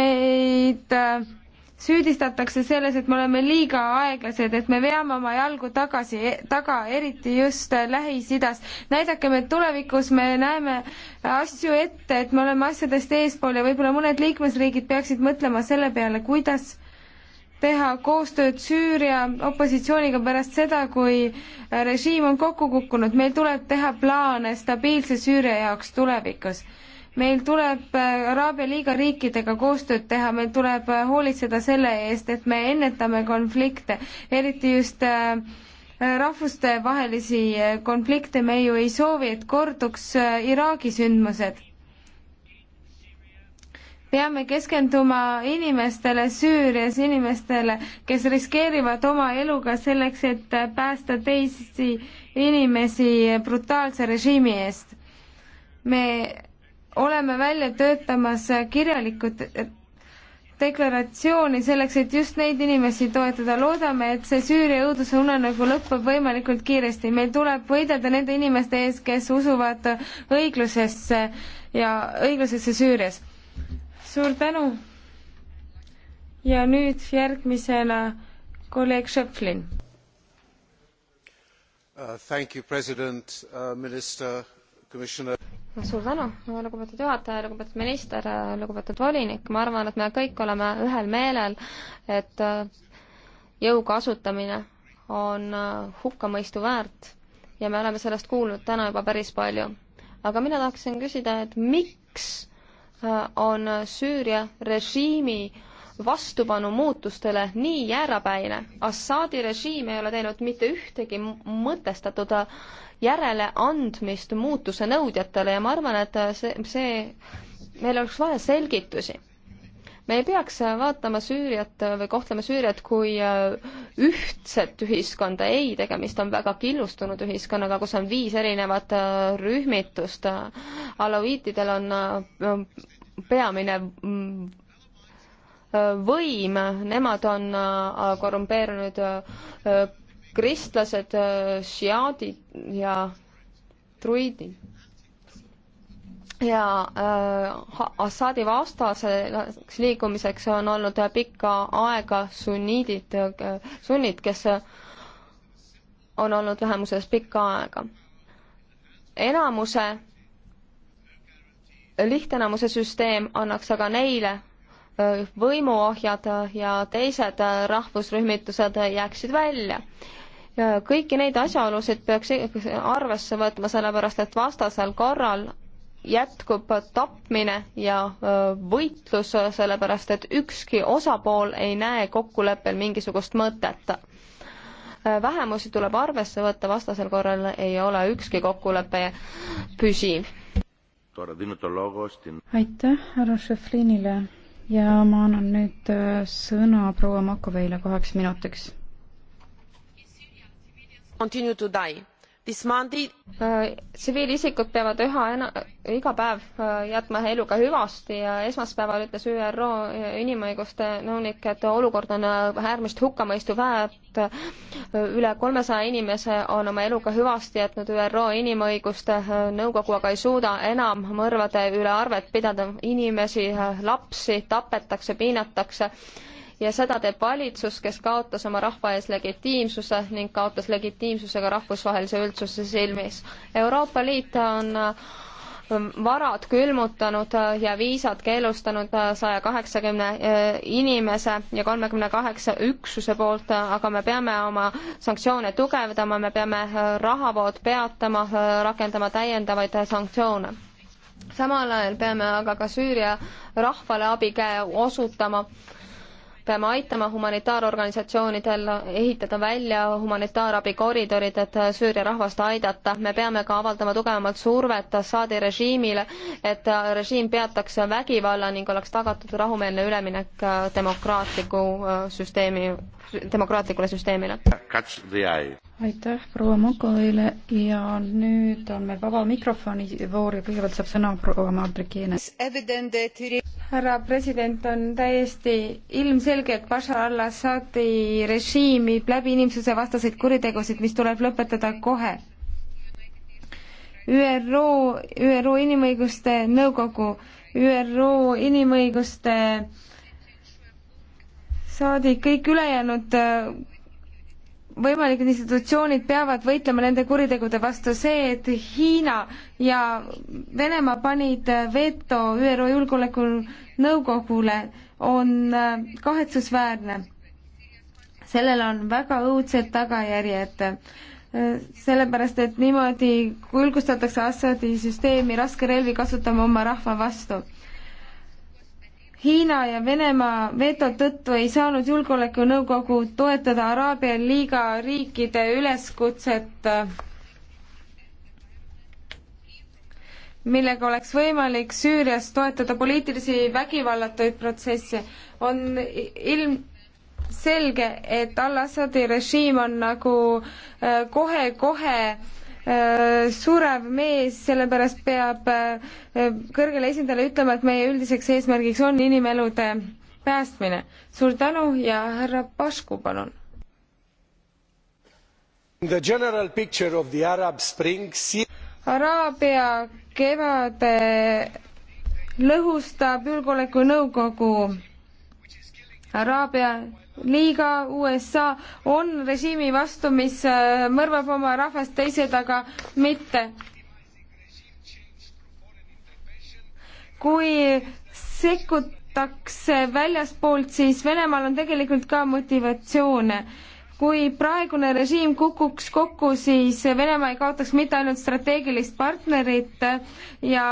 meid äh, süüdistatakse selles, et me oleme liiga aeglased, et me veame oma jalgu tagasi, taga, eriti just Lähis-Idas. näidakem, et tulevikus me näeme asju ette, et me oleme asjadest eespool ja võib-olla mõned liikmesriigid peaksid mõtlema selle peale, kuidas teha koostööd Süüria opositsiooniga pärast seda, kui režiim on kokku kukkunud. meil tuleb teha plaane stabiilse Süüria jaoks tulevikus meil tuleb äh, Araabia Liiga riikidega koostööd teha, meil tuleb äh, hoolitseda selle eest, et me ennetame konflikte, eriti just äh, rahvustevahelisi konflikte, me ju ei soovi, et korduks Iraagi sündmused. peame keskenduma inimestele Süürias, inimestele, kes riskeerivad oma eluga selleks, et päästa teisi inimesi brutaalse režiimi eest. me oleme välja töötamas kirjalikud deklaratsiooni selleks, et just neid inimesi toetada. loodame, et see Süüria õuduse unenägu lõpeb võimalikult kiiresti. meil tuleb võidelda nende inimeste ees, kes usuvad õiglusesse ja õiglusesse Süürias. suur tänu. ja nüüd järgmisena kolleeg Šeflin uh,. Thank you, president uh,, minister, commissioner suur tänu, lugupeetud juhataja, lugupeetud minister, lugupeetud volinik, ma arvan, et me kõik oleme ühel meelel, et äh, jõu kasutamine on äh, hukkamõistu väärt ja me oleme sellest kuulnud täna juba päris palju. aga mina tahaksin küsida, et miks äh, on Süüria režiimi äh, vastupanu muutustele nii jäärapäine. Assaadi režiim ei ole teinud mitte ühtegi mõtestatud järeleandmist muutuse nõudjatele ja ma arvan, et see, see, meil oleks vaja selgitusi. me ei peaks vaatama Süüriat või kohtlema Süüriat kui ühtset ühiskonda, ei, tegemist on väga killustunud ühiskonnaga, kus on viis erinevat rühmitust. alaviitidel on peamine Äh, võim, nemad on äh, korrumpeerunud äh, kristlased, šiaadid ja truidid. ja äh, Assadi vastaseks liikumiseks on olnud pikka aega sunniidid, sunnid, kes on olnud vähemuses pikka aega. enamuse lihtenamuse süsteem annaks aga neile võimuohjad ja teised rahvusrühmitused jääksid välja. kõiki neid asjaolusid peaks arvesse võtma, sellepärast et vastasel korral jätkub tapmine ja võitlus, sellepärast et ükski osapool ei näe kokkuleppel mingisugust mõtet. vähemusi tuleb arvesse võtta, vastasel korral ei ole ükski kokkulepe püsiv. aitäh härra Šeflinile ja ma annan nüüd äh, sõna proua Makoveile kaheks minutiks. Continue to die Äh, tsiviilisikud peavad üha ena-, iga päev äh, jätma eluga hüvasti ja esmaspäeval ütles ÜRO äh, inimõiguste nõunik, et olukord on äärmiselt hukkamõistu väärt. üle kolmesaja inimese on oma eluga hüvasti jätnud ÜRO inimõiguste nõukogu, aga ei suuda enam mõrvade üle arvet pidada. inimesi, lapsi tapetakse, piinatakse ja seda teeb valitsus, kes kaotas oma rahva ees legitiimsuse ning kaotas legitiimsuse ka rahvusvahelise üldsuse silmis. Euroopa Liit on äh, varad külmutanud äh, ja viisad keelustanud äh, saja kaheksakümne inimese ja kolmekümne kaheksa üksuse poolt, aga me peame oma sanktsioone tugevdama, me peame rahavood peatama, rakendama täiendavaid sanktsioone samal ajal peame aga ka Süüria rahvale abikäe osutama peame aitama humanitaarorganisatsioonidel ehitada välja humanitaarabikoridorid, et Süüria rahvast aidata. me peame ka avaldama tugevamalt survet Assaadi režiimile, et režiim peataks vägivalla ning oleks tagatud rahumeelne üleminek demokraatliku äh, süsteemi demokraatlikule süsteemile. aitäh proua Mokoile ja nüüd on meil vaba mikrofoni voor ja kõigepealt saab sõna proua Mardrikine. härra president, on täiesti ilmselge, et Bashar al-Assadi režiim viib läbi inimsusevastaseid kuritegusid, mis tuleb lõpetada kohe. ÜRO, ÜRO Inimõiguste Nõukogu, ÜRO Inimõiguste äh, saadik, kõik ülejäänud äh, võimalikud institutsioonid peavad võitlema nende kuritegude vastu. see, et Hiina ja Venemaa panid veto ÜRO Julgeolekunõukogule, on äh, kahetsusväärne. sellel on väga õudsed tagajärjed, äh, sellepärast et niimoodi julgustatakse Assadi süsteemi raskerelvi kasutama oma rahva vastu Hiina ja Venemaa veto tõttu ei saanud Julgeolekunõukogu toetada Araabia liiga riikide üleskutset, millega oleks võimalik Süürias toetada poliitilisi vägivallatuid protsesse, on ilm, selge, et al-Assadi režiim on nagu äh, kohe-kohe äh, kohe, kohe Äh, surev mees, sellepärast peab äh, kõrgele esindajale ütlema, et meie üldiseks eesmärgiks on inimelude päästmine. suur tänu ja härra Pašku, palun. The general picture of the Arab spring Araabia kevade lõhustab julgeolekunõukogu Araabia liiga USA on režiimi vastu, mis äh, mõrvab oma rahvast, teised aga mitte. kui sekkutakse väljaspoolt, siis Venemaal on tegelikult ka motivatsioone. kui praegune režiim kukuks kokku, siis Venemaa ei kaotaks mitte ainult strateegilist partnerit ja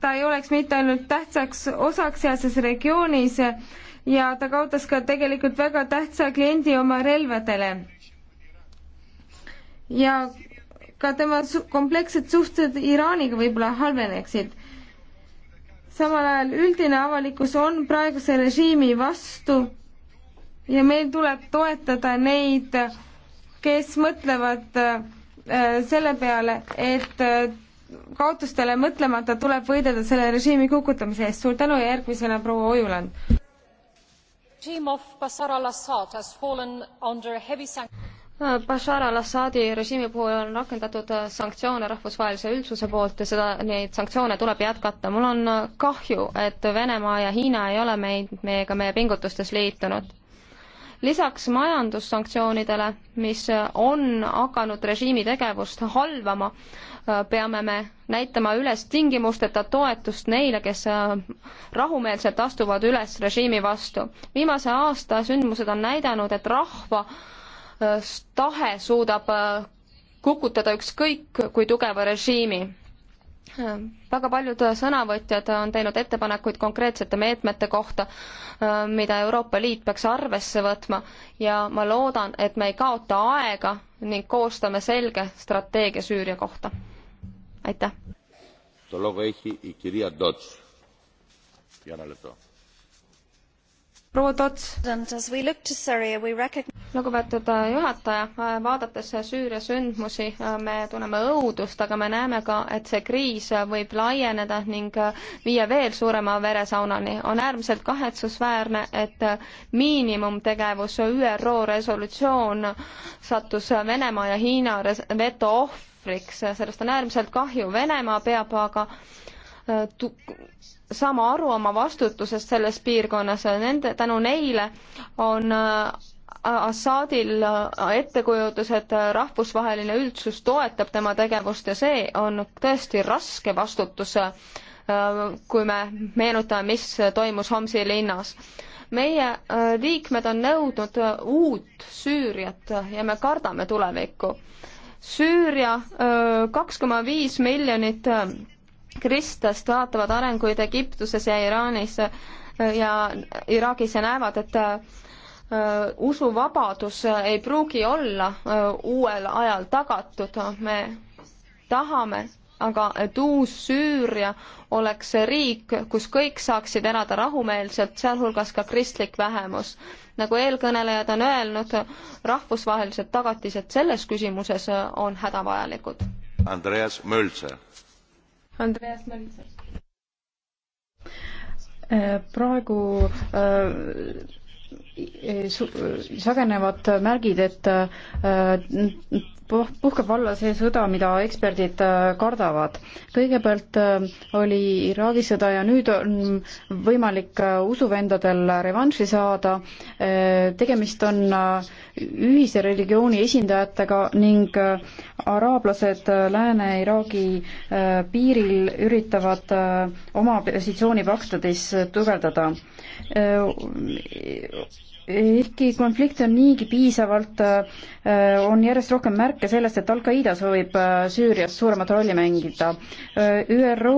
ta ei oleks mitte ainult tähtsaks osaks sealses regioonis, ja ta kaotas ka tegelikult väga tähtsa kliendi oma relvadele. ja ka tema komplekssed suhted Iraaniga võib-olla halveneksid. samal ajal üldine avalikkus on praeguse režiimi vastu ja meil tuleb toetada neid, kes mõtlevad äh, selle peale, et äh, kaotustele mõtlemata tuleb võidelda selle režiimi kukutamise eest. suur tänu ja järgmisena proua Ojuland. Bashar äh, al-Assadi režiimi puhul on rakendatud äh, sanktsioone rahvusvahelise üldsuse poolt ja seda, neid sanktsioone tuleb jätkata. mul on äh, kahju, et Venemaa ja Hiina ei ole meid, meiega meie pingutustes liitunud lisaks majandussanktsioonidele, mis on hakanud režiimi tegevust halvama, Äh, peame me näitama üles tingimusteta toetust neile, kes äh, rahumeelselt astuvad üles režiimi vastu. viimase aasta sündmused on näidanud, et rahva äh, tahe suudab kukutada ükskõik kui tugeva režiimi väga paljud sõnavõtjad on teinud ettepanekuid konkreetsete meetmete kohta, mida Euroopa Liit peaks arvesse võtma ja ma loodan, et me ei kaota aega ning koostame selge strateegia Süüria kohta aitäh. proua Tots. lugupeetud äh, juhataja, äh, vaadates äh, Süüria sündmusi, me tunneme õudust, aga me näeme ka, et see kriis võib laieneda ning viia veel suurema veresaunani. on äärmiselt kahetsusväärne, et miinimumtegevus ÜRO resolutsioon sattus Venemaa ja Hiina veto ohvriks ohvriks, sellest on äärmiselt kahju, Venemaa peab aga äh, tu-, saama aru oma vastutusest selles piirkonnas, nende, tänu neile on äh, Assadil äh, ettekujutus, et rahvusvaheline üldsus toetab tema tegevust ja see on tõesti raske vastutus, kui me meenutame, mis toimus Homsi linnas. meie liikmed on nõudnud uut Süüriat ja me kardame tulevikku Süüria kaks koma viis miljonit kristlast vaatavad arenguid Egiptuses ja Iraanis ja Iraagis ja näevad, et usuvabadus ei pruugi olla uuel ajal tagatud, me tahame aga et uus Süüria oleks riik, kus kõik saaksid elada rahumeelselt, sealhulgas ka kristlik vähemus. nagu eelkõnelejad on öelnud, rahvusvahelised tagatised selles küsimuses on hädavajalikud. Andreas Mölzer. Andreas Mölzer. Äh, praegu äh sagenevad märgid, et äh, puhkeb valla see sõda, mida eksperdid äh, kardavad. kõigepealt äh, oli Iraagi sõda ja nüüd on võimalik usuvendadel revanši saada. tegemist on ühise religiooni esindajatega ning araablased Lääne-Iraagi piiril üritavad oma positsiooni Bagdadis tugevdada Äh, ehkki konflikte on niigi piisavalt, äh, on järjest rohkem märke sellest, et Al-Qaeda soovib äh, Süürias suuremat rolli mängida. ÜRO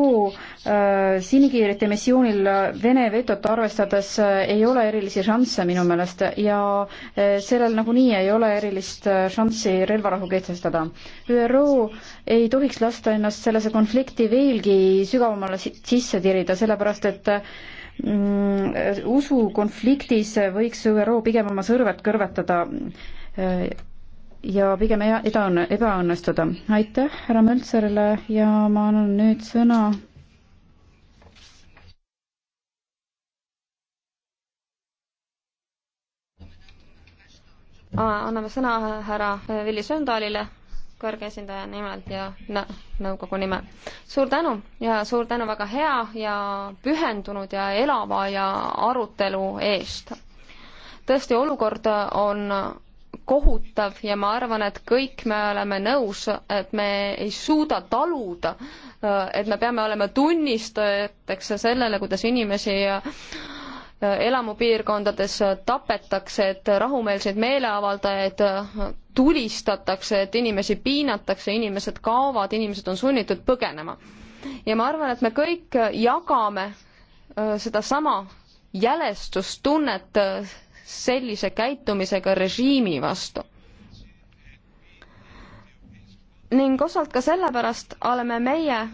sinikiirite missioonil Vene vetot arvestades ei ole erilisi šansse minu meelest ja sellel nagunii ei ole erilist šanssi relvarahu kehtestada. ÜRO ei tohiks lasta ennast sellesse konflikti veelgi sügavamale sisse tirida, sellepärast et Mm, usukonfliktis võiks ÜRO pigem oma sõrved kõrvetada eh, ja pigem eda-, ebaõnnestuda. aitäh härra Möltserile ja ma annan nüüd sõna anname sõna härra Willie Söndalile kõrge esindaja nimel ja nõukogu nimel. suur tänu ja suur tänu väga hea ja pühendunud ja elava ja arutelu eest. tõesti, olukord on kohutav ja ma arvan, et kõik me oleme nõus, et me ei suuda taluda, et me peame olema tunnistajateks sellele, kuidas inimesi elamupiirkondades tapetakse, et rahumeelseid meeleavaldajaid tulistatakse, et inimesi piinatakse, inimesed kaovad, inimesed on sunnitud põgenema. ja ma arvan, et me kõik jagame äh, sedasama jälestustunnet äh, sellise käitumisega režiimi vastu. ning osalt ka sellepärast oleme meie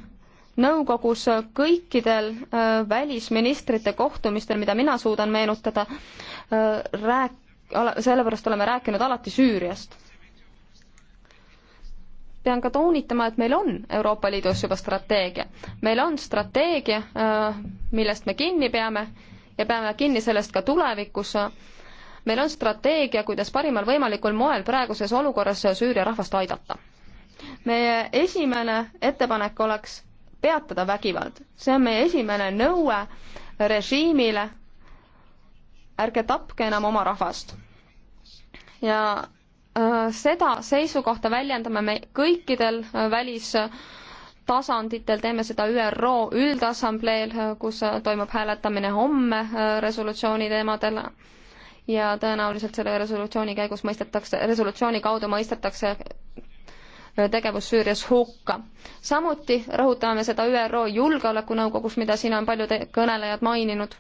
nõukogus kõikidel äh, välisministrite kohtumistel, mida mina suudan meenutada, äh, rääk-, sellepärast oleme rääkinud alati Süüriast. pean ka toonitama, et meil on Euroopa Liidus juba strateegia. meil on strateegia, äh, millest me kinni peame ja peame kinni sellest ka tulevikus meil on strateegia, kuidas parimal võimalikul moel praeguses olukorras Süüria rahvast aidata. meie esimene ettepanek oleks peatada vägivald. see on meie esimene nõue režiimile. ärge tapke enam oma rahvast. ja äh, seda seisukohta väljendame me kõikidel äh, välis tasanditel, teeme seda ÜRO üldassambleel, äh, kus äh, toimub hääletamine homme äh, resolutsiooni teemadel ja tõenäoliselt selle resolutsiooni käigus mõistetakse, resolutsiooni kaudu mõistetakse tegevus Süürias hukka. samuti rõhutame seda ÜRO Julgeolekunõukogus, mida siin on paljud kõnelejad maininud.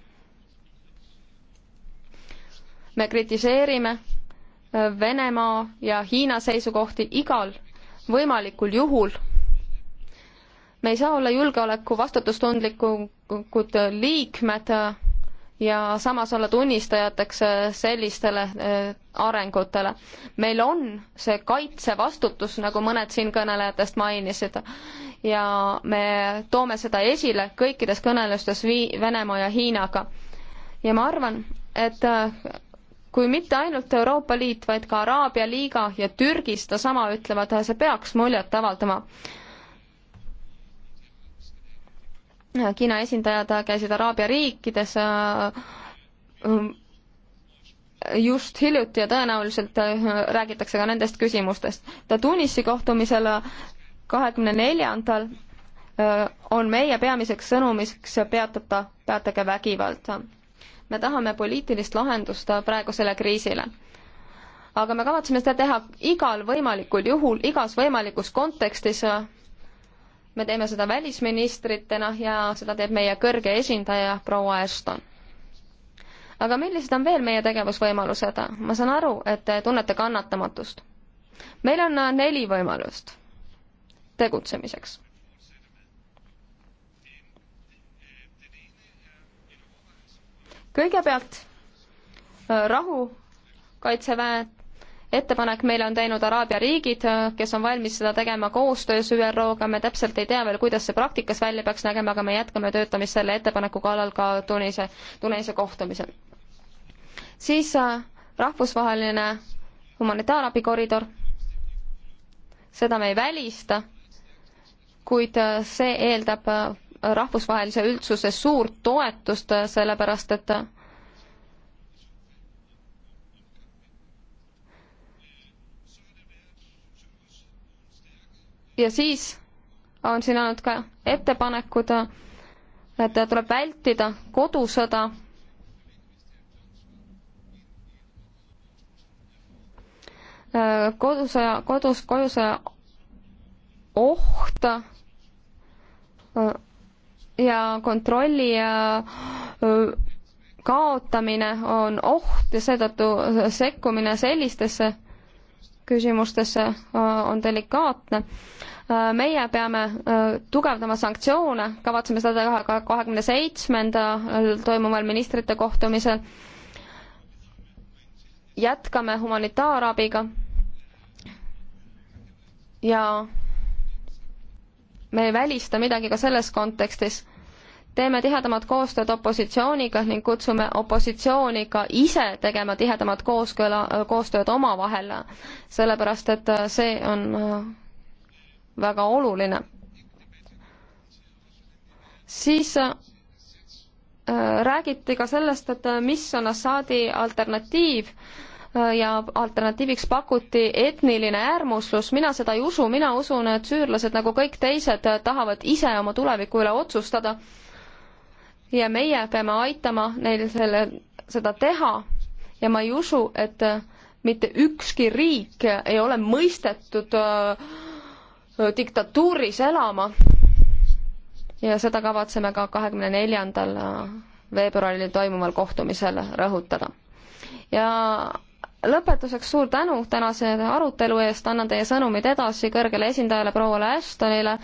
me kritiseerime äh, Venemaa ja Hiina seisukohti igal võimalikul juhul. me ei saa olla julgeoleku vastutustundlikud liikmed äh, ja samas olla tunnistajateks äh, sellistele äh, arengutele. meil on see kaitsevastutus, nagu mõned siin kõnelejatest mainisid, ja me toome seda esile kõikides kõnelustes Vii-, Venemaa ja Hiinaga. ja ma arvan, et äh, kui mitte ainult Euroopa Liit, vaid ka Araabia Liiga ja Türgi sedasama ütlevad, see peaks muljet avaldama. Hiina esindajad käisid Araabia riikides äh, äh, just hiljuti ja tõenäoliselt äh, räägitakse ka nendest küsimustest. Tunisi kohtumisel kahekümne neljandal on meie peamiseks sõnumiks peatada, peatage vägivald. me tahame poliitilist lahendust praegusele kriisile. aga me kavatseme seda teha igal võimalikul juhul, igas võimalikus kontekstis me teeme seda välisministritena ja seda teeb meie kõrge esindaja proua Ashton aga millised on veel meie tegevusvõimalused? ma saan aru, et te tunnete kannatamatust. meil on neli võimalust tegutsemiseks. kõigepealt rahu, kaitseväe ettepanek meile on teinud Araabia riigid, kes on valmis seda tegema koostöös ÜRO-ga, me täpselt ei tea veel, kuidas see praktikas välja peaks nägema, aga me jätkame töötamist selle ettepaneku kallal ka Tunise, Tunise kohtumisel. siis äh, rahvusvaheline humanitaarabikoridor, seda me ei välista, kuid äh, see eeldab äh, rahvusvahelise üldsuse suurt toetust, sellepärast et ja siis on siin olnud ka ettepanekud, et tuleb vältida kodusõda. kodusõja, kodus, kodusõja oht ja kontrolli ja kaotamine on oht ja seetõttu sekkumine sellistesse küsimustesse äh, on delikaatne. Äh, meie peame äh, tugevdama sanktsioone, kavatseme seda teha ka kahekümne seitsmendal toimuval ministrite kohtumisel. jätkame humanitaarabiga ja me ei välista midagi ka selles kontekstis teeme tihedamat koostööd opositsiooniga ning kutsume opositsiooni ka ise tegema tihedamat kooskõla, koostööd omavahel, sellepärast et see on äh, väga oluline. siis äh, räägiti ka sellest, et äh, mis on Assaadi alternatiiv ja alternatiiviks pakuti etniline äärmuslus, mina seda ei usu, mina usun, et süürlased nagu kõik teised tahavad ise oma tuleviku üle otsustada ja meie peame aitama neil selle, seda teha ja ma ei usu, et äh, mitte ükski riik ei ole mõistetud äh, diktatuuris elama. ja seda kavatseme ka kahekümne neljandal äh, veebruaril toimuval kohtumisel rõhutada. ja lõpetuseks suur tänu tänase arutelu eest, annan teie sõnumid edasi kõrgele esindajale proua Ashtonile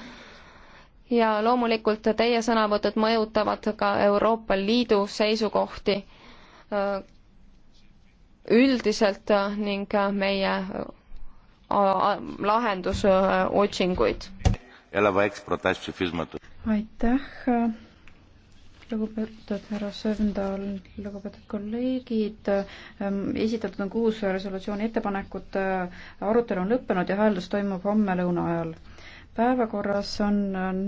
ja loomulikult teie sõnavõtud mõjutavad ka Euroopa Liidu seisukohti äh, üldiselt äh, ning äh, meie lahenduse otsinguid. aitäh, lugupeetud härra Sövndal, lugupeetud kolleegid. Ähm, esitatud on kuus resolutsiooni ettepanekut, arutelu on lõppenud ja hääldus toimub homme lõuna ajal. päevakorras on nüüd